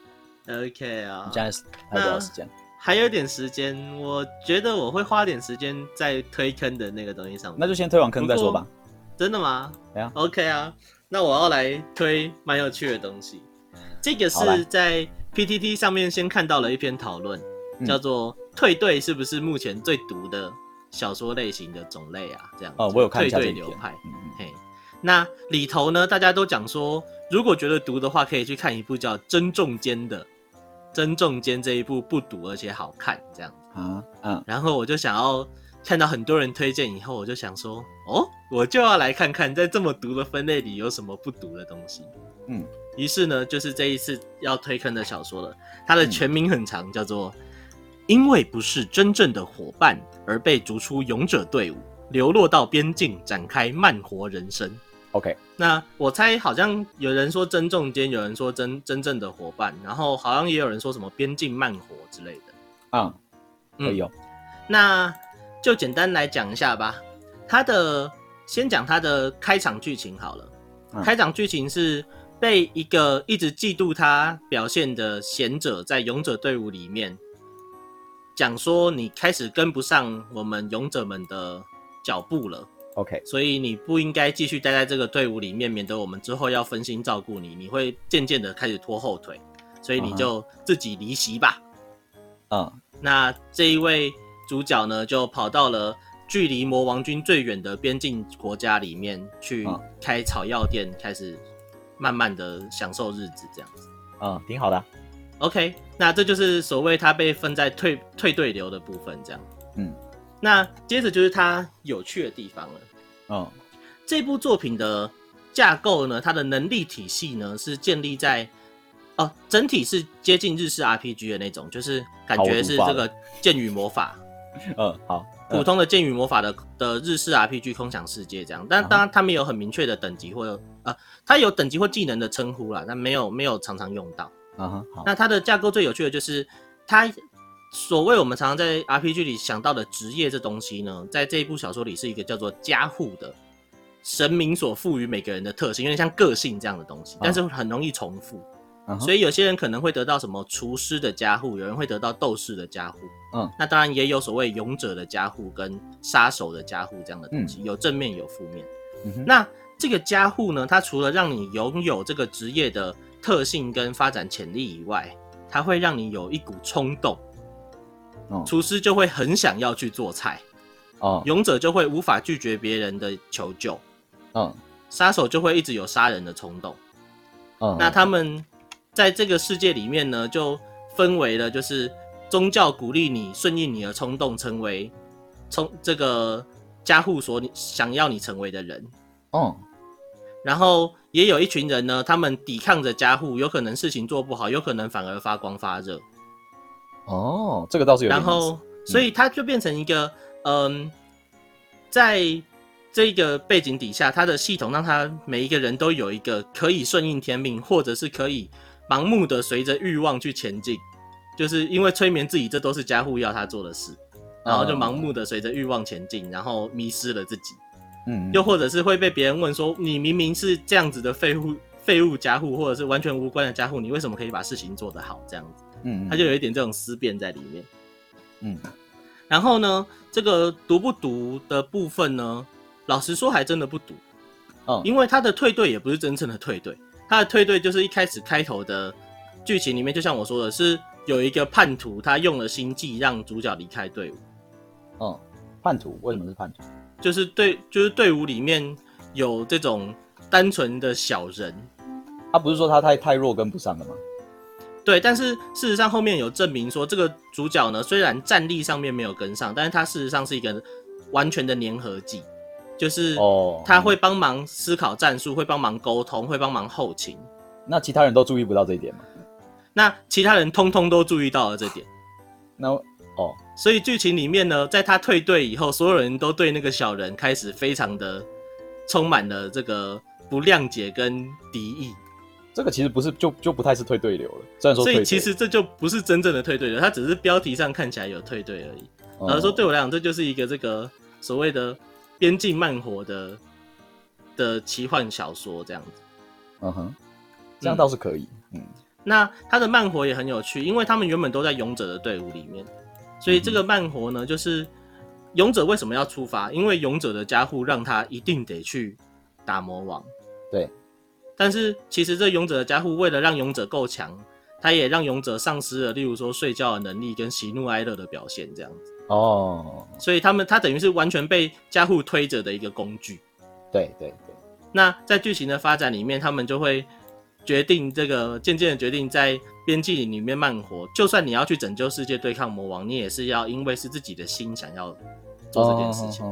OK 啊你現在還有多少時間？啊還有點時間，我覺得我會花點時間在推坑的那個東西上面。那就先推完坑再說吧。真的嗎？來呀 OK 啊。那我要來推蠻有趣的東西。嗯、這個是在 PTT 上面先看到了一篇討論，來叫做“嗯、退隊是不是目前最毒的小說類型的種類啊？”這樣。哦，我有看一下這一篇。退隊流派，嗯嗯嘿，那裡頭呢，大家都講說，如果覺得毒的話，可以去看一部叫《真重間》的。真仲間這一部不讀而且好看，這樣子啊，嗯，然後我就想要看到很多人推薦，以後我就想說，哦，我就要來看看在這麼毒的分類裡有什麼不毒的東西，嗯，於是呢，就是這一次要推坑的小說了，它的全名很長，叫做《因為不是真正的夥伴而被逐出勇者隊伍，流落到邊境展開慢活人生》。OK，那我猜好像有人說真仲間，有人說真真正的夥伴，然後好像也有人說什麼邊境慢活之類的。啊，嗯，有、嗯，那就簡單來講一下吧。他的，先講他的開場劇情好了。開場劇情是被一個一直嫉妒他表現的賢者在勇者隊伍裡面講說，你開始跟不上我們勇者們的腳步了。OK，所以你不應該繼續待在這個隊伍裡面，免得我們之後要分心照顧你，你會漸漸的開始拖後腿，所以你就自己離席吧。嗯、uh，huh. 那這一位主角呢，就跑到了距離魔王軍最遠的邊境國家裡面去開草藥店，開始慢慢的享受日子，這樣子。嗯、uh，挺好的。Huh. OK，那這就是所謂他被分在退退隊流的部分，這樣。嗯、uh，huh. 那接着就是他有趣的地方了。哦，嗯、這部作品的架構呢，它的能力體系呢，是建立在哦、呃，整體是接近日式 RPG 的那種，就是感覺是這個劍與魔法，法，嗯，好，嗯、普通的劍與魔法的的日式 RPG 空想世界這樣，但當然它沒有很明確的等級或者呃，它有等級或技能的稱呼啦，但沒有沒有常常用到，嗯，好，那它的架構最有趣的，就是它。所謂我們常常在 RPG 裡想到的職業這東西呢，在這一部小說裡是一個叫做加護的神明所賦予每個人的特性，有點像個性這樣的東西，但是很容易重複，uh huh. 所以有些人可能會得到什麼廚師的加護，有人會得到鬥士的加護，uh huh. 那當然也有所謂勇者的加護跟殺手的加護這樣的東西，uh huh. 有正面有負面。Uh huh. 那這個加護呢，它除了讓你擁有這個職業的特性跟發展潛力以外，它會讓你有一股衝動。廚師就會很想要去做菜，哦，oh. 勇者就會無法拒絕別人的求救，嗯，殺手就會一直有殺人的衝動，哦，oh. 那他們在這個世界裡面呢，就分為了就是宗教鼓勵你順應你的衝動，成為從這個加護所想要你成為的人，哦，oh. 然後也有一群人呢，他們抵抗着加護，有可能事情做不好，有可能反而發光發熱。哦，這個倒是有點。然後，嗯、所以他就變成一個，嗯、呃，在這個背景底下，他的系統讓他每一個人都有一個可以順應天命，或者是可以盲目的隨着慾望去前進。就是因為催眠自己，這都是加護要他做的事，然後就盲目的隨着慾望前進，然後迷失了自己。嗯，又或者是會被別人問說：“你明明是這樣子的廢物，廢物加護，或者是完全無關的加護，你為什麼可以把事情做得好？”這樣子。嗯，嗯，他就有一點這種思辨在裡面。嗯，嗯，然後呢，這個讀不讀的部分呢，老實說還真的不讀。嗯，因為他的退隊也不是真正的退隊，他的退隊就是一開始開頭的劇情裡面，就像我說的，是有一個叛徒，他用了心計讓主角離開隊伍。嗯，叛徒為什麼是叛徒？就是隊，就是隊伍裡面有這種單純的小人。他、啊、不是說他太太弱跟不上了嗎？對，但是事實上後面有證明說，這個主角呢，雖然戰力上面沒有跟上，但是他事實上是一個完全的粘合劑，就是哦，他會幫忙思考戰術，會幫忙溝通，會幫忙後勤。那其他人都注意不到這一點嗎？那其他人通通都注意到了這點。那哦，所以劇情裡面呢，在他退隊以後，所有人都對那個小人開始非常的充滿了這個不諒解跟敵意。這個其實不是，就就不太是退隊流了。雖然說，所以其實這就不是真正的退隊流，它只是標題上看起來有退隊而已。然後、oh. 說，對我來講，這就是一個這個所謂的邊境慢活的的奇幻小說這樣子。嗯哼、uh，huh. 這樣倒是可以。嗯，嗯，那他的慢活也很有趣，因為他們原本都在勇者的隊伍裡面，所以這個慢活呢，就是勇者為什麼要出發？因為勇者的家戶讓他一定得去打魔王。對。但是其實這勇者的加護，為了讓勇者夠強，他也讓勇者喪失了，例如說睡覺的能力跟喜怒哀樂的表現這樣子。哦，oh. 所以他們他等於是完全被加護推着的一個工具。對對對。那在劇情的發展裡面，他們就會決定這個漸漸的決定在邊境裡面慢活。就算你要去拯救世界對抗魔王，你也是要因為是自己的心想要做這件事情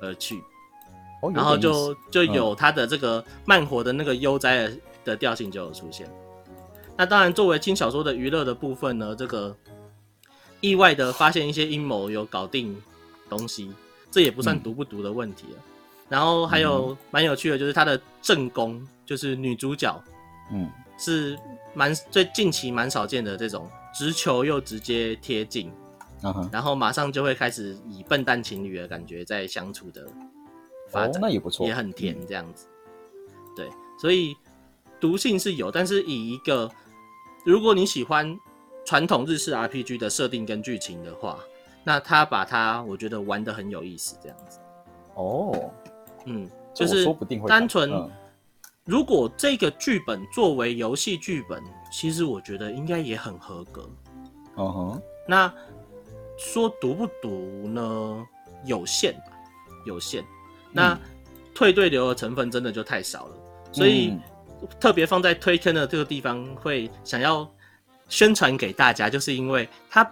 而去。Oh. Oh. Oh. 哦、然後就就有它的這個慢活的那個悠哉的、哦、的調性就有出現。那當然，作為輕小說的娛樂的部分呢，這個意外的發現一些陰謀有搞定東西，這也不算毒不毒的問題了。嗯、然後還有蠻有趣的，就是它的正宮，就是女主角，嗯，是蠻最近期蠻少見的這種直球又直接貼近，嗯、哼然後馬上就會開始以笨蛋情侶的感覺在相處的。哦，也，也很甜這樣子，對，所以毒性是有，但是以一個如果你喜歡傳統日式 RPG 的設定跟劇情的話，那他把它我覺得玩得很有意思這樣子。哦，嗯，這就是單純，嗯、如果這個劇本作為遊戲劇本，其實我覺得應該也很合格。哦哼，那說毒不毒呢？有限吧，有限。那退隊流的成分真的就太少了，所以特別放在推坑的這個地方，會想要宣傳給大家，就是因為他，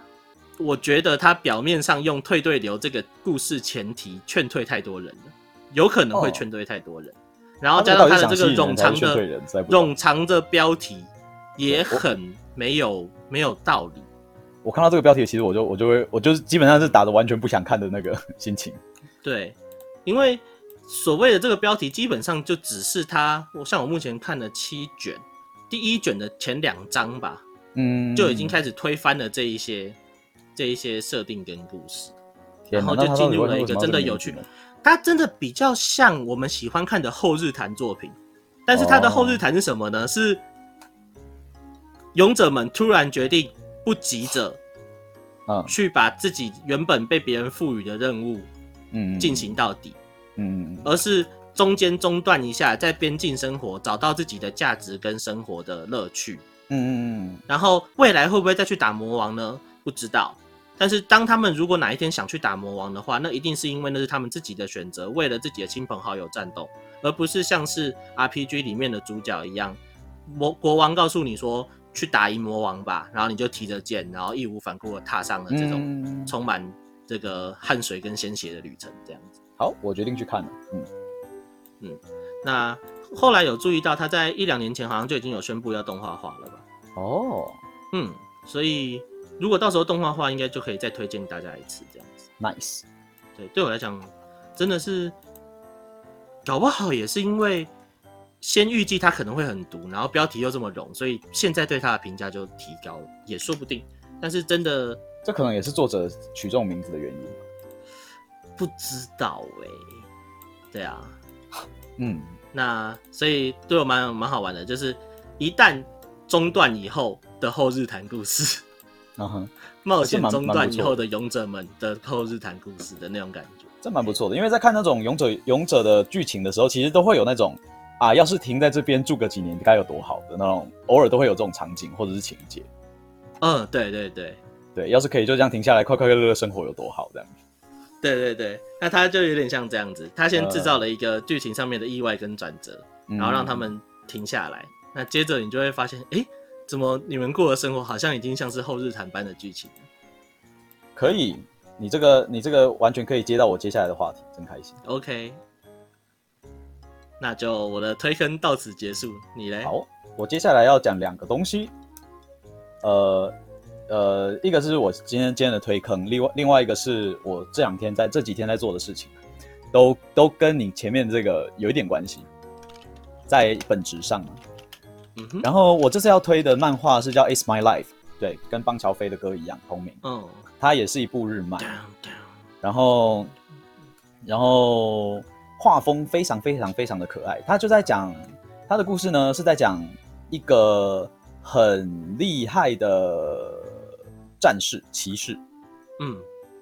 我覺得他表面上用退隊流這個故事前提勸退太多人了，有可能會勸退太多人，然後加上他的這個冗長的冗長的標題，也很沒有沒有道理。我看到這個標題，其實我就，我就我就會我就是基本上是打的完全不想看的那個心情，對。因為所謂的這個標題，基本上就只是他，我像我目前看了七卷，第一卷的前兩章吧，嗯，就已經開始推翻了這一些，這一些設定跟故事，天然後就進入了一個真的有趣，他它真的比較像我們喜歡看的後日談作品，但是他的後日談是什麼呢？哦、是勇者們突然決定不急着，啊，去把自己原本被別人賦予的任務。嗯，進行到底，嗯，嗯，而是中間中斷一下，在邊境生活，找到自己的價值跟生活的樂趣，嗯，嗯，然後未來會不會再去打魔王呢？不知道。但是當他們如果哪一天想去打魔王的話，那一定是因為那是他們自己的選擇，為了自己的親朋好友戰鬥，而不是像是 RPG 裡面的主角一樣，魔國王告訴你說去打贏魔王吧，然後你就提着劍，然後義無反顧的踏上了這種、嗯、充滿。這個汗水跟鮮血的旅程，這樣子。好，我決定去看了。嗯嗯，那後來有注意到他在一兩年前好像就已經有宣布要動畫化了吧？哦，oh. 嗯，所以如果到時候動畫化，應該就可以再推薦大家一次，這樣子。Nice。對，對我來講，真的是，搞不好也是因為先預計它可能會很毒，然後標題又這麼容，所以現在對它的評價就提高了，也說不定。但是真的。這可能也是作者取這種名字的原因，不知道哎、欸，對啊，嗯，那所以對我蠻蠻好玩的，就是一旦中斷以後的後日談故事，啊、嗯、哼冒險中斷以後的勇者們的後日談故事的那種感覺，真蠻,蠻不錯的。因為在看那種勇者勇者的劇情的時候，其實都會有那種啊，要是停在這邊住個幾年該有多好的那種，偶爾都會有這種場景或者是情節。嗯，對對對。對，要是可以就這樣停下來，快快樂樂生活有多好？這樣子。對對對，那他就有點像這樣子，他先制造了一個劇情上面的意外跟轉折，呃、然後讓他們停下來。嗯、那接着你就會發現，哎、欸，怎麼你們過的生活好像已經像是後日談般的劇情了？可以，你這個你這個完全可以接到我接下來的話題，真開心。OK，那就我的推坑到此結束。你嘞？好，我接下來要講兩個東西，呃。呃，一個是我今天今天的推坑，另外另外一個是我這兩天在這幾天在做的事情，都都跟你前面這個有一點關係，在本質上嘛。Mm hmm. 然後我這次要推的漫畫是叫《It's My Life》，對，跟邦喬飛的歌一樣同名。嗯。Oh. 它也是一部日漫。然後，然後畫風非常非常非常的可愛。他就在講他的故事呢，是在講一個很厲害的。戰士、騎士，嗯，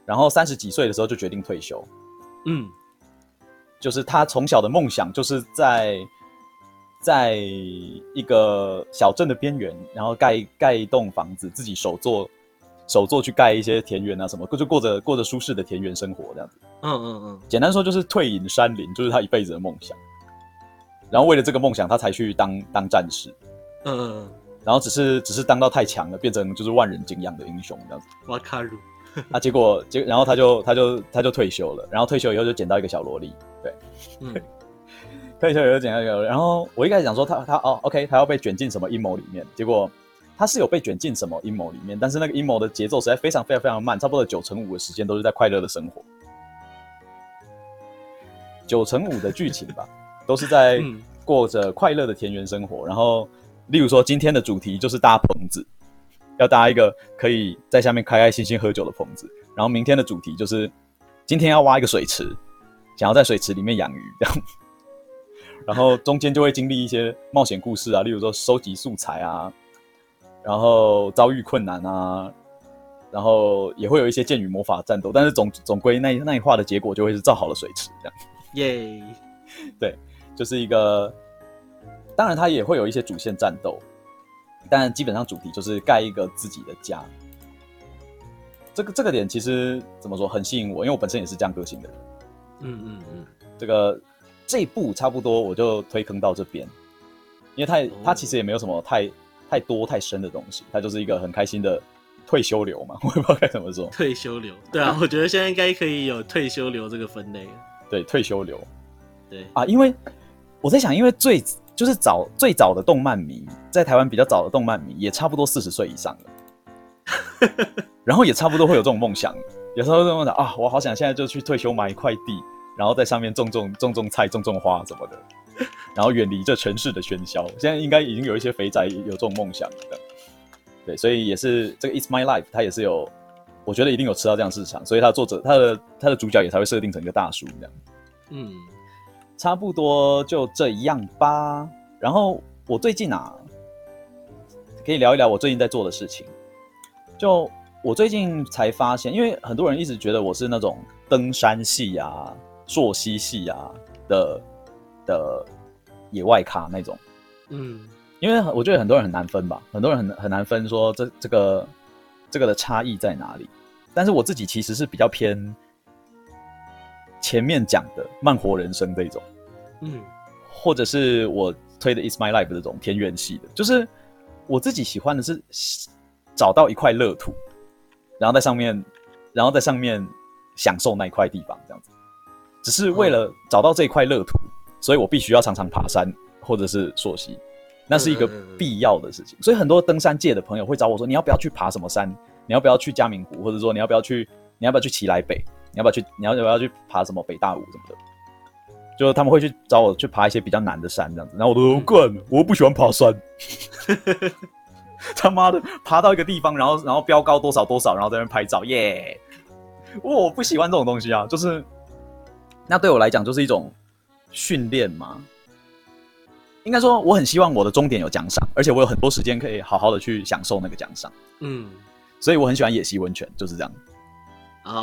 然後三十幾歲的時候就決定退休，嗯，就是他從小的夢想就是在，在一個小鎮的邊緣，然後蓋蓋一棟房子，自己手作手作去蓋一些田園啊什麼，就過着過着舒適的田園生活這樣子，嗯嗯嗯，簡單說就是退隱山林，就是他一輩子的夢想。然後為了這個夢想，他才去當當戰士，嗯嗯嗯。然後只是只是當到太強了，變成就是萬人景仰的英雄這樣子。瓦卡魯，結果結果，然後他就他就他就,他就退休了。然後退休以後就撿到一個小蘿莉，對，嗯， 退休以後就撿到一個小蘿莉。然後我一開始想說他他,他哦，OK，他要被捲進什麼陰謀裡面。結果他是有被捲進什麼陰謀裡面，但是那個陰謀的節奏實在非常非常非常慢，差不多的九成五的時間都是在快樂的生活，九成五的劇情吧， 都是在過着快樂的田園生活，然後。例如說，今天的主題就是搭棚子，要搭一個可以在下面開開心心喝酒的棚子。然後明天的主題就是今天要挖一個水池，想要在水池裡面養魚這樣。然後中間就會經歷一些冒險故事啊，例如說收集素材啊，然後遭遇困難啊，然後也會有一些劍與魔法戰鬥。但是總總歸那那一話的結果就會是造好了水池這樣。耶，Yeah. 對，就是一個。當然，它也會有一些主線戰鬥，但基本上主題就是蓋一個自己的家。這個這個點其實怎麼說很吸引我，因為我本身也是這樣個性的人。嗯嗯嗯，嗯嗯這個這部差不多我就推坑到這邊，因為它它其實也沒有什麼太、哦、太多太深的東西，它就是一個很開心的退休流嘛。我也不知道該怎麼說，退休流。對啊，我覺得現在應該可以有退休流這個分類了。對，退休流。對啊，因為我在想，因為最。就是早最早的動漫迷，在台灣比較早的動漫迷，也差不多四十歲以上了。 然後也差不多會有這種夢想，會有時候夢想啊，我好想現在就去退休買一塊地，然後在上面種種種種菜、種種花什麼的，然後遠離這城市的喧囂。現在應該已經有一些肥宅有這種夢想的。對，所以也是這個《It's My Life》，他也是有，我覺得一定有吃到這樣的市場，所以他作者他的他的主角也才會設定成一個大叔這樣。嗯。差不多就這樣吧。然後我最近啊，可以聊一聊我最近在做的事情。就我最近才發現，因為很多人一直覺得我是那種登山系啊、溯溪系啊的的野外咖那種。嗯，因為我覺得很多人很難分吧，很多人很很難分說這這個這個的差異在哪裡。但是我自己其實是比較偏。前面講的慢活人生這種，嗯，或者是我推的《It's MY LIFE》這種田園系的，就是我自己喜歡的是找到一塊樂土，然後在上面，然後在上面享受那一塊地方，這樣子。只是為了找到這一塊樂土，哦、所以我必須要常常爬山或者是溯溪，那是一個必要的事情。所以很多登山界的朋友會找我說：“你要不要去爬什麼山？你要不要去嘉明湖？或者說你要不要去？你要不要去奇萊北？”你要不要去？你要不要去爬什麼北大武什麼的？就是他們會去找我去爬一些比較難的山這樣子，然後我都說：“滾、嗯！我不喜歡爬山。 ”他媽的，爬到一個地方，然後然後標高多少多少，然後在那拍照，耶、yeah! 我不喜歡這種東西啊，就是那對我來講就是一種訓練嘛。應該說，我很希望我的終點有獎賞，而且我有很多時間可以好好的去享受那個獎賞。嗯，所以我很喜歡野溪溫泉，就是這樣。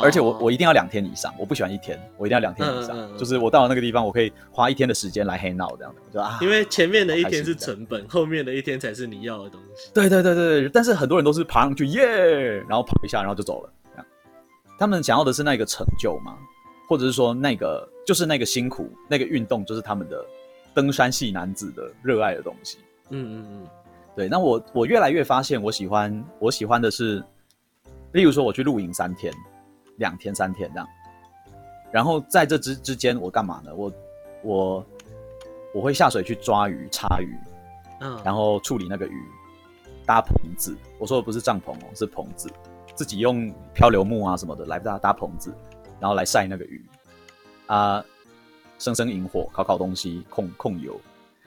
而且我我一定要兩天以上，我不喜歡一天，我一定要兩天以上。嗯、就是我到了那個地方，我可以花一天的時間來 hang out 這樣的，對吧、啊？因為前面的一天是成本，嗯、後面的一天才是你要的東西。對對對對對。但是很多人都是爬上去耶，然後跑一下，然後就走了。這樣，他們想要的是那個成就嗎？或者是說那個就是那個辛苦，那個運動就是他們的登山系男子的熱愛的東西。嗯嗯嗯。對，那我我越來越發現，我喜歡我喜歡的是，例如說我去露營三天。兩天三天這樣，然後在這之之間我幹嘛呢？我我我會下水去抓魚、叉魚，嗯，然後處理那個魚，搭棚子。我說的不是帳篷哦，是棚子，自己用漂流木啊什麼的來搭搭棚子，然後來曬那個魚，啊、呃，生生營火、烤烤東西、控控油，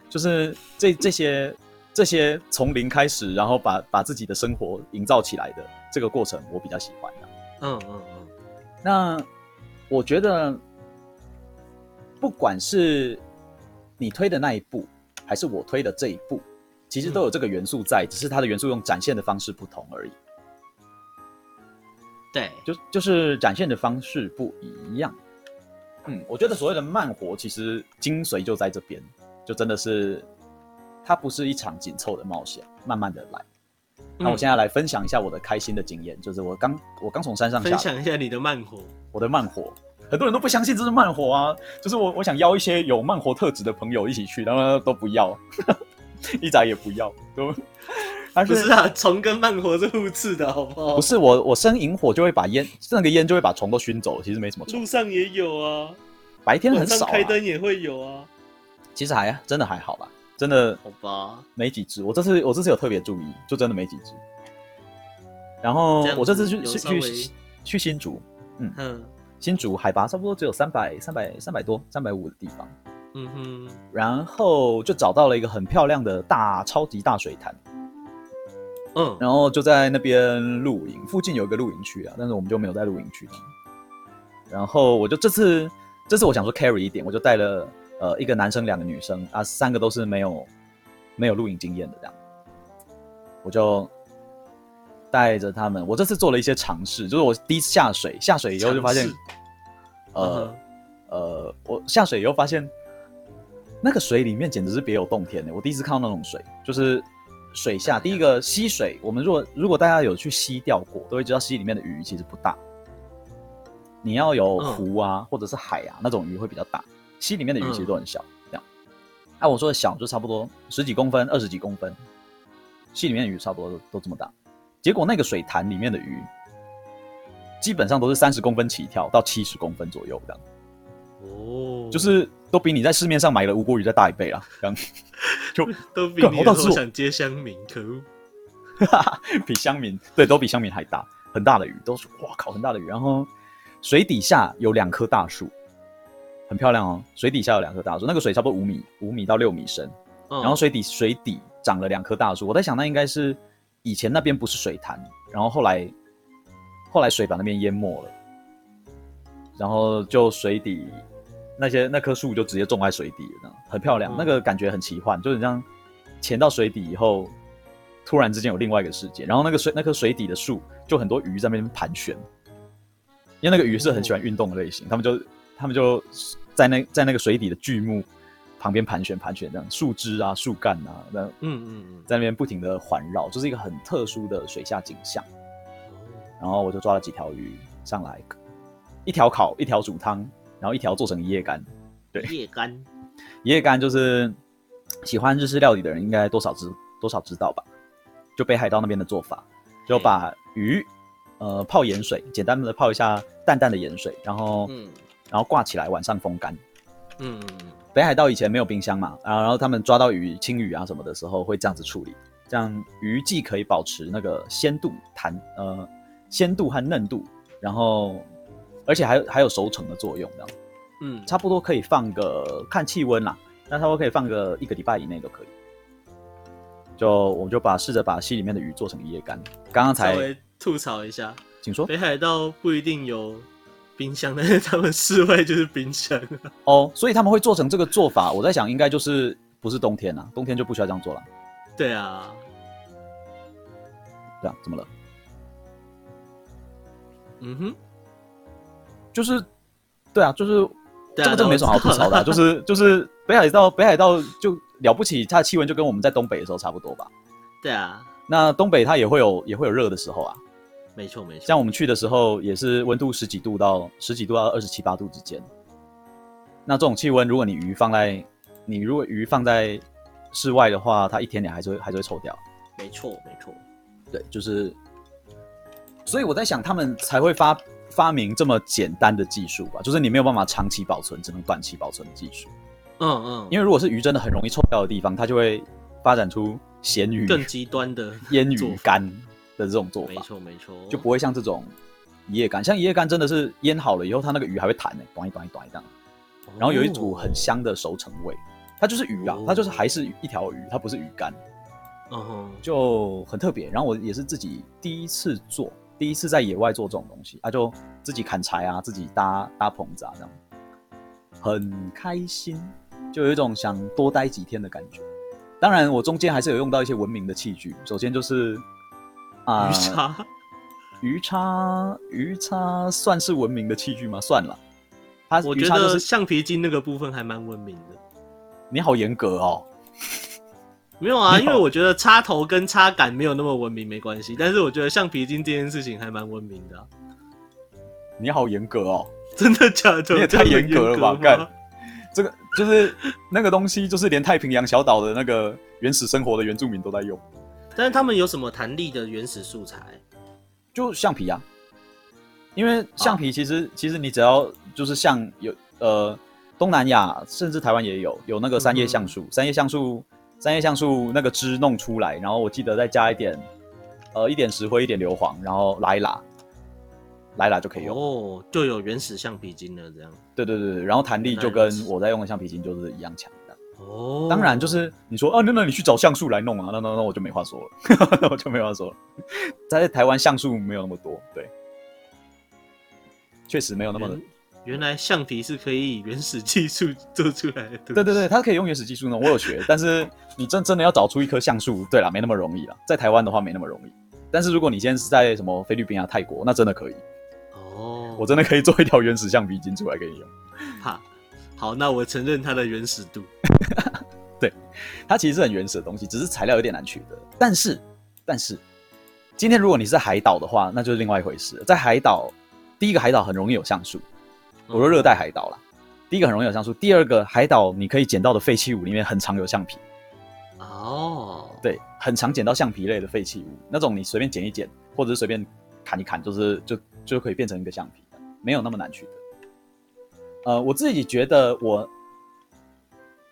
就是這這些這些從零開始，然後把把自己的生活營造起來的這個過程，我比較喜歡。嗯、啊、嗯嗯。嗯嗯那我覺得，不管是你推的那一步，還是我推的這一步，其實都有這個元素在，嗯、只是它的元素用展現的方式不同而已。對，就就是展現的方式不一樣。嗯，我覺得所謂的慢活，其實精髓就在這邊，就真的是它不是一場緊湊的冒險，慢慢的來。那我現在來分享一下我的開心的經驗，嗯、就是我剛我剛從山上下分享一下你的慢活，我的慢活，很多人都不相信這是慢活啊，就是我我想邀一些有慢活特質的朋友一起去，然後都不要， 一盞也不要，都，不是啊，蟲跟慢活是互斥的，好不好？不是我我生營火就會把煙，那個煙就會把蟲都燻走，其實沒什麼蟲。路上也有啊，白天很少，啊，路上開燈也會有啊，其實還真的還好吧。真的好吧，沒幾隻。我這次我這次有特別注意，就真的沒幾隻。然後這樣我這次去去去新竹，嗯哼，呵新竹海拔差不多只有三百三百三百多三百五的地方，嗯哼。然後就找到了一個很漂亮的大超級大水潭，嗯。然後就在那邊露營，附近有一個露營區啊，但是我們就沒有在露營區啊。然後我就這次這次我想說 carry 一點，我就帶了。呃，一個男生，兩個女生啊，三個都是沒有沒有錄影經驗的這樣，我就帶着他們。我這次做了一些嘗試，就是我第一次下水，下水以後就發現，嘗試？呃，嗯、哼呃，我下水以後發現那個水裡面簡直是別有洞天的、欸。我第一次看到那種水，就是水下、嗯、哼第一個溪水。我們如果如果大家有去溪釣過，都會知道溪裡面的魚其實不大，你要有湖啊、嗯、或者是海啊那種魚會比較大。溪裡面的魚其實都很小，嗯、這樣，按、啊、我說的小就差不多十幾公分，二十幾公分，溪裡面的魚差不多都，都這麼大。結果那個水潭裡面的魚，基本上都是三十公分起跳到七十公分左右這樣。哦，就是都比你在市面上買的吳郭魚再大一倍啦，這樣 就都比你都想接鄉民，可惡。比鄉民， 對，都比鄉民還大，很大的魚，都是哇靠，很大的魚。然後水底下有兩棵大樹。很漂亮哦，水底下有兩棵大樹，那個水差不多五米，五米到六米深，嗯、然後水底水底長了兩棵大樹。我在想，那應該是以前那邊不是水潭，然後後來後來水把那邊淹沒了，然後就水底那些那棵樹就直接種在水底了，很漂亮，那個感覺很奇幻，就是這樣潛到水底以後，突然之間有另外一個世界，然後那個水那棵水底的樹就很多魚在那邊盤旋，因為那個魚是很喜歡運動的類型，嗯、它們就。他們就在那在那個水底的巨木旁邊盤旋盤旋，這樣樹枝啊、樹幹啊，那嗯嗯，在那邊不停的環繞，就是一個很特殊的水下景象。然後我就抓了幾條魚上來，一條烤，一條煮湯，然後一條做成一夜乾。對，一夜乾，一夜乾就是喜歡日式料理的人應該多少知多少知道吧？就北海道那邊的做法，就把魚 Okay. 呃泡鹽水，簡單的泡一下淡淡的鹽水，然後嗯。然後掛起來，晚上風乾。嗯，北海道以前沒有冰箱嘛，啊、然後他們抓到魚青魚啊什麼的時候會這樣子處理，這樣魚既可以保持那個鮮度、彈呃鮮度和嫩度，然後而且還有還有熟成的作用，這樣嗯，差不多可以放個看氣溫啦，但差不多可以放個一個禮拜以內都可以。就我就把試着把溪裡面的魚做成一夜干。剛剛才吐槽一下，請說。北海道不一定有。冰箱，但是他們室外就是冰箱哦，所以他們會做成這個做法。我在想，應該就是不是冬天了、啊，冬天就不需要這樣做了。對啊，這樣、啊、怎麼了？嗯哼，就是，對啊，就是、啊、這個這個沒什麼好吐槽的、啊，就是就是北海道北海道就了不起，它的氣溫就跟我們在東北的時候差不多吧。對啊，那東北它也會有也會有熱的時候啊。沒錯沒錯，像我們去的時候也是溫度十幾度到十幾度到二十七八度之間。那這種氣溫，如果你魚放在你如果魚放在室外的話，它一天天還是會還是會臭掉，沒錯沒錯，對，就是。所以我在想，他們才會發發明這麼簡單的技術吧？就是你沒有辦法長期保存，只能短期保存的技術、嗯。嗯嗯，因為如果是魚真的很容易臭掉的地方，它就會發展出鹹魚，更極端的醃魚乾。 的這種做法，沒錯沒錯，就不會像這種一夜干。像一夜乾真的是醃好了以後，它那個魚還會彈呢、欸，短一短一短一檔。然後有一股很香的熟成味，它就是魚啊，哦、它就是還是一條魚，它不是魚乾。嗯哼、哦，就很特別。然後我也是自己第一次做，第一次在野外做這種東西啊，就自己砍柴，啊，自己搭搭棚子，啊，這樣很開心，就有一種想多待幾天的感覺。當然，我中間還是有用到一些文明的器具，首先就是。呃、魚叉？魚叉，魚叉，魚叉算是文明的器具嗎？算了，它、就是、我覺得橡皮筋那個部分還蠻文明的。你好嚴格哦，沒有啊，有因為我覺得插頭跟插杆沒有那麼文明，沒關係。但是我覺得橡皮筋這件事情還蠻文明的、啊。你好嚴格哦， 真的假的？你也太嚴格了吧？幹，這個就是 那個東西，就是連太平洋小島的那個原始生活的原住民都在用。但是他們有什麼彈力的原始素材？就橡皮啊，因為橡皮其實、啊、其實你只要就是像有呃東南亞甚至台灣也有有那個三葉橡樹、嗯哼，三葉橡樹三葉橡樹那個汁弄出來，然後我記得再加一點呃一點石灰一點硫磺，然後拉一拉，拉一拉就可以用哦，oh, 就有原始橡皮筋了，這樣對對對，然後彈力就跟我在用的橡皮筋就是一樣強。哦，當然就是你說啊，那那你去找橡樹來弄啊，那那那我就沒話說了， 我就沒話說了。在台灣橡樹沒有那麼多，對，確實沒有那麼的，原，原來橡皮是可以原始技術做出來的，對對對，它可以用原始技術呢，我有學， 但是你真真的要找出一顆橡樹，對了，沒那麼容易了。在台灣的話沒那麼容易，但是如果你現在是在什麼菲律賓啊、泰國，那真的可以。哦，我真的可以做一條原始橡皮筋出來給你用。哈，好，那我承認它的原始度。 對，它其實是很原始的東西，只是材料有點難取得。但是，但是，今天如果你是海島的話，那就是另外一回事。在海島，第一個海島很容易有橡樹，我說熱帶海島啦，嗯、第一個很容易有橡樹。第二個海島，你可以撿到的廢棄物裡面很常有橡皮。哦，對，很常撿到橡皮類的廢棄物，那種你隨便撿一撿，或者是隨便砍一砍，就是，就是就就可以變成一個橡皮，沒有那麼難取得。呃，我自己覺得我。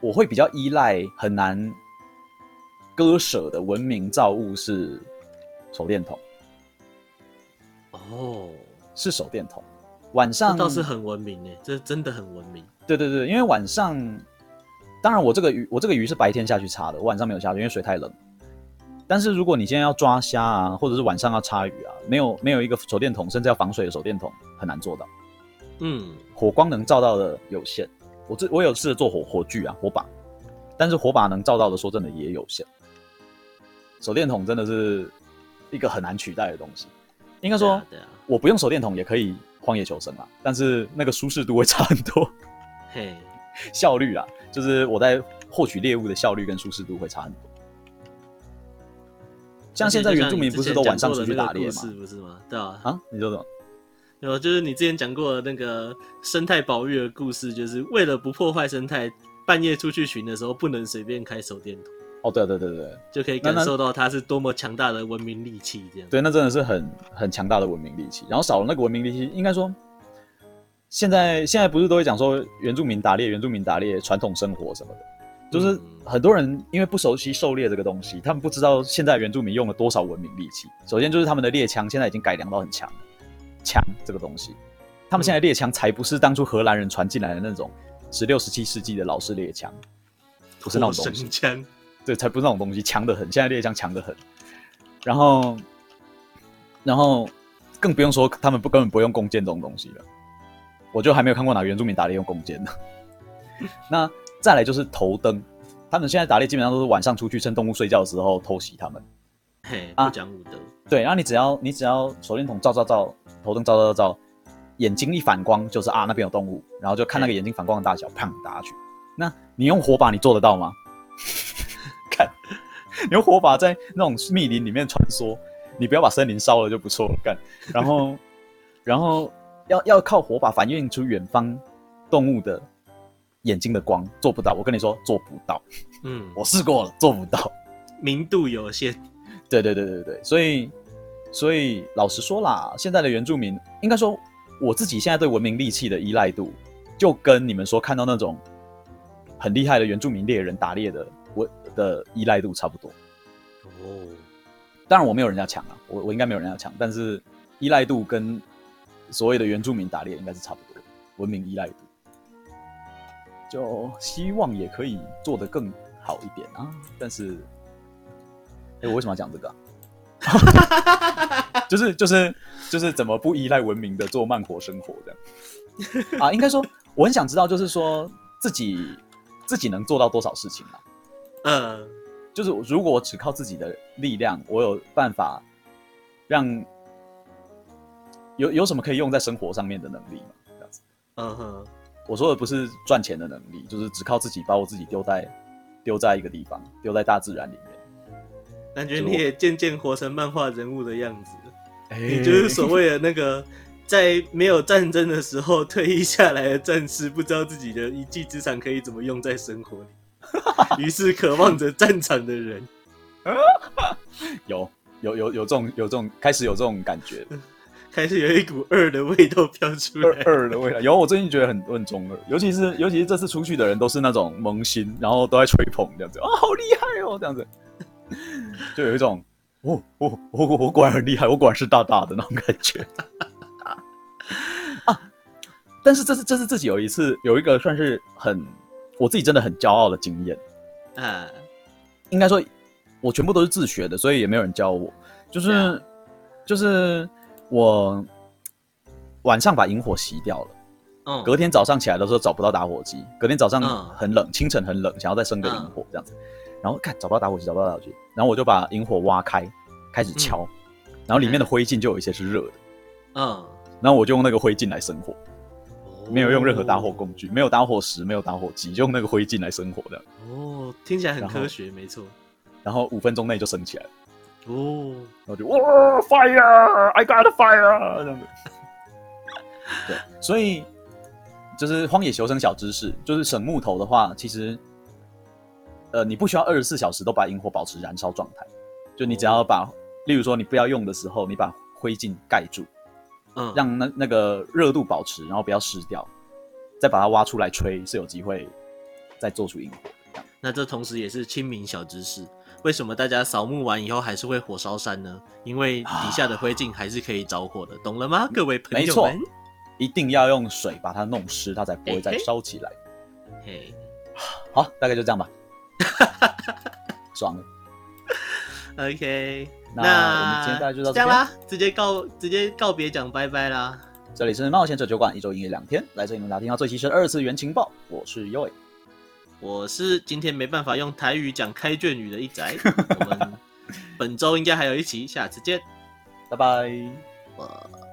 我會比較依賴很難割捨的文明造物是手電筒。哦，是手電筒。晚上這倒是很文明誒，這真的很文明。對對對，因為晚上，當然我這個魚，我這個魚是白天下去插的，我晚上沒有下去，因為水太冷。但是如果你現在要抓蝦啊，或者是晚上要插魚啊，沒有沒有一個手電筒，甚至要防水的手電筒，很難做到。嗯，火光能照到的有限。我這我有試着做火火炬啊，火把，但是火把能照到的說真的也有限。手電筒真的是一個很難取代的東西，應該說我不用手電筒也可以荒野求生啊，但是那個舒適度會差很多，嘿，效率啊，就是我在獲取獵物的效率跟舒適度會差很多。像現在原住民不是都晚上出去打獵嗎？是不是嘛，對啊。啊，你說什麼？有、哦，就是你之前講過的那個生態保育的故事，就是為了不破壞生態，半夜出去巡的時候不能隨便開手電筒。哦，對對對對，就可以感受到它是多麼強大的文明利器，這樣。那那對，那真的是很很強大的文明利器。然後少了那個文明利器，應該說現在現在不是都會講說原住民打獵，原住民打獵傳統生活什麼的，就是很多人因為不熟悉狩獵這個東西，他們不知道現在原住民用了多少文明利器。首先就是他們的獵槍現在已經改良到很強。槍這個東西，他們現在獵槍才不是當初荷蘭人傳進來的那種十六、十七世紀的老式獵槍，不是那種神槍，對，才不是那種東西，強得很。現在獵槍強得很，然後，然後更不用說他們不根本不用弓箭這種東西了，我就還沒有看過哪個原住民打獵用弓箭的。那再來就是頭燈，他們現在打獵基本上都是晚上出去，趁動物睡覺的時候偷襲他們。嘿，不講武德啊。對，然後你只要你只要手電筒照照照，頭燈照，照照照，眼睛一反光就是啊，那邊有動物，然後就看那個眼睛反光的大小，啪嘿打下去。那你用火把，你做得到嗎？看， 你用火把在那種密林裡面穿梭，你不要把森林燒了就不錯了。幹，然後， 然後要要靠火把反映出遠方動物的眼睛的光，做不到。我跟你說，做不到。嗯，我試過了，做不到。明度有些。對對對對對，所以，所以老實說啦，現在的原住民應該說，我自己現在對文明利器的依賴度，就跟你們說看到那種很厲害的原住民獵人打獵的，我的依賴度差不多。哦，當然我沒有人家強啊，我我應該沒有人家強，但是依賴度跟所謂的原住民打獵應該是差不多，文明依賴度。就希望也可以做得更好一點啊，但是。欸、我為什麼要講這個啊？ 就是，就是就是就是怎麼不依賴文明的做慢活生活這樣 啊？應該說，我很想知道，就是說自己自己能做到多少事情嘛，啊？嗯、uh，huh. 就是如果只靠自己的力量，我有辦法讓有有什麼可以用在生活上面的能力嗎？這樣子，嗯哼、uh，huh. 我說的不是賺錢的能力，就是只靠自己把我自己丟在丟在一個地方，丟在大自然裡面。感覺你也漸漸活成漫畫人物的樣子，欸、你就是所謂的那個在沒有戰爭的時候退役下來的戰士，不知道自己的一技之長可以怎麼用在生活裡，於 是渴望着戰場的人，啊、有有有有這種有這種開始有這種感覺，開始有一股二的味道飄出來二,二的味道。有我最近覺得很很中二，尤其是尤其是這次出去的人都是那種萌新，然後都在吹捧這樣子，哦、啊，好厲害哦，這樣子。就有一種，我我我我果然很厲害，我果然是大大的那種感覺、 啊、但是這是這是自己有一次有一個算是很我自己真的很驕傲的經驗。嗯，uh, 應該說，我全部都是自學的，所以也沒有人教我。就是 Yeah. 就是我晚上把營火熄掉了，uh. 隔天早上起來的時候找不到打火機，隔天早上很冷，uh. 清晨很冷，想要再生個營火，uh. 這樣子。然後看，找不到打火機，找不到打火機，然後我就把引火挖開，開始敲，嗯、然後裡面的灰燼就有一些是熱的，嗯，然後我就用那個灰燼來生火，哦、沒有用任何打火工具，沒有打火石，沒有打火機，就用那個灰燼來生火的。哦，聽起來很科學，後沒錯。然後五分鐘內就升起來了，哦，然後我就哇，fire，I got a fire，這樣子。 對，所以就是荒野求生小知識，就是省木頭的話，其實。呃，你不需要二十四小時都把營火保持燃燒狀態，就你只要把，哦、例如說你不要用的時候，你把灰燼蓋住，嗯，讓那那個熱度保持，然後不要濕掉，再把它挖出來吹，是有機會再做出營火。這那這同時也是清明小知識，為什麼大家掃墓完以後還是會火燒山呢？因為底下的灰燼還是可以着火的，啊、懂了嗎，各位朋友們？沒錯，一定要用水把它弄濕，它才不會再燒起來。嘿、欸欸，好，大概就這樣吧。哈哈哈哈哈， 爽了。OK，那,那我們今天就到這裡。這樣啦，直接告，直接告別，講拜拜啦。這裡是冒險者酒館，一周營業兩天，來這裡能打聽到最新鮮的二次元情報。我是 Yoy，我是今天沒辦法用台語講開卷語的一宅。 我們本周應該還有一期，下次見，拜拜 bye。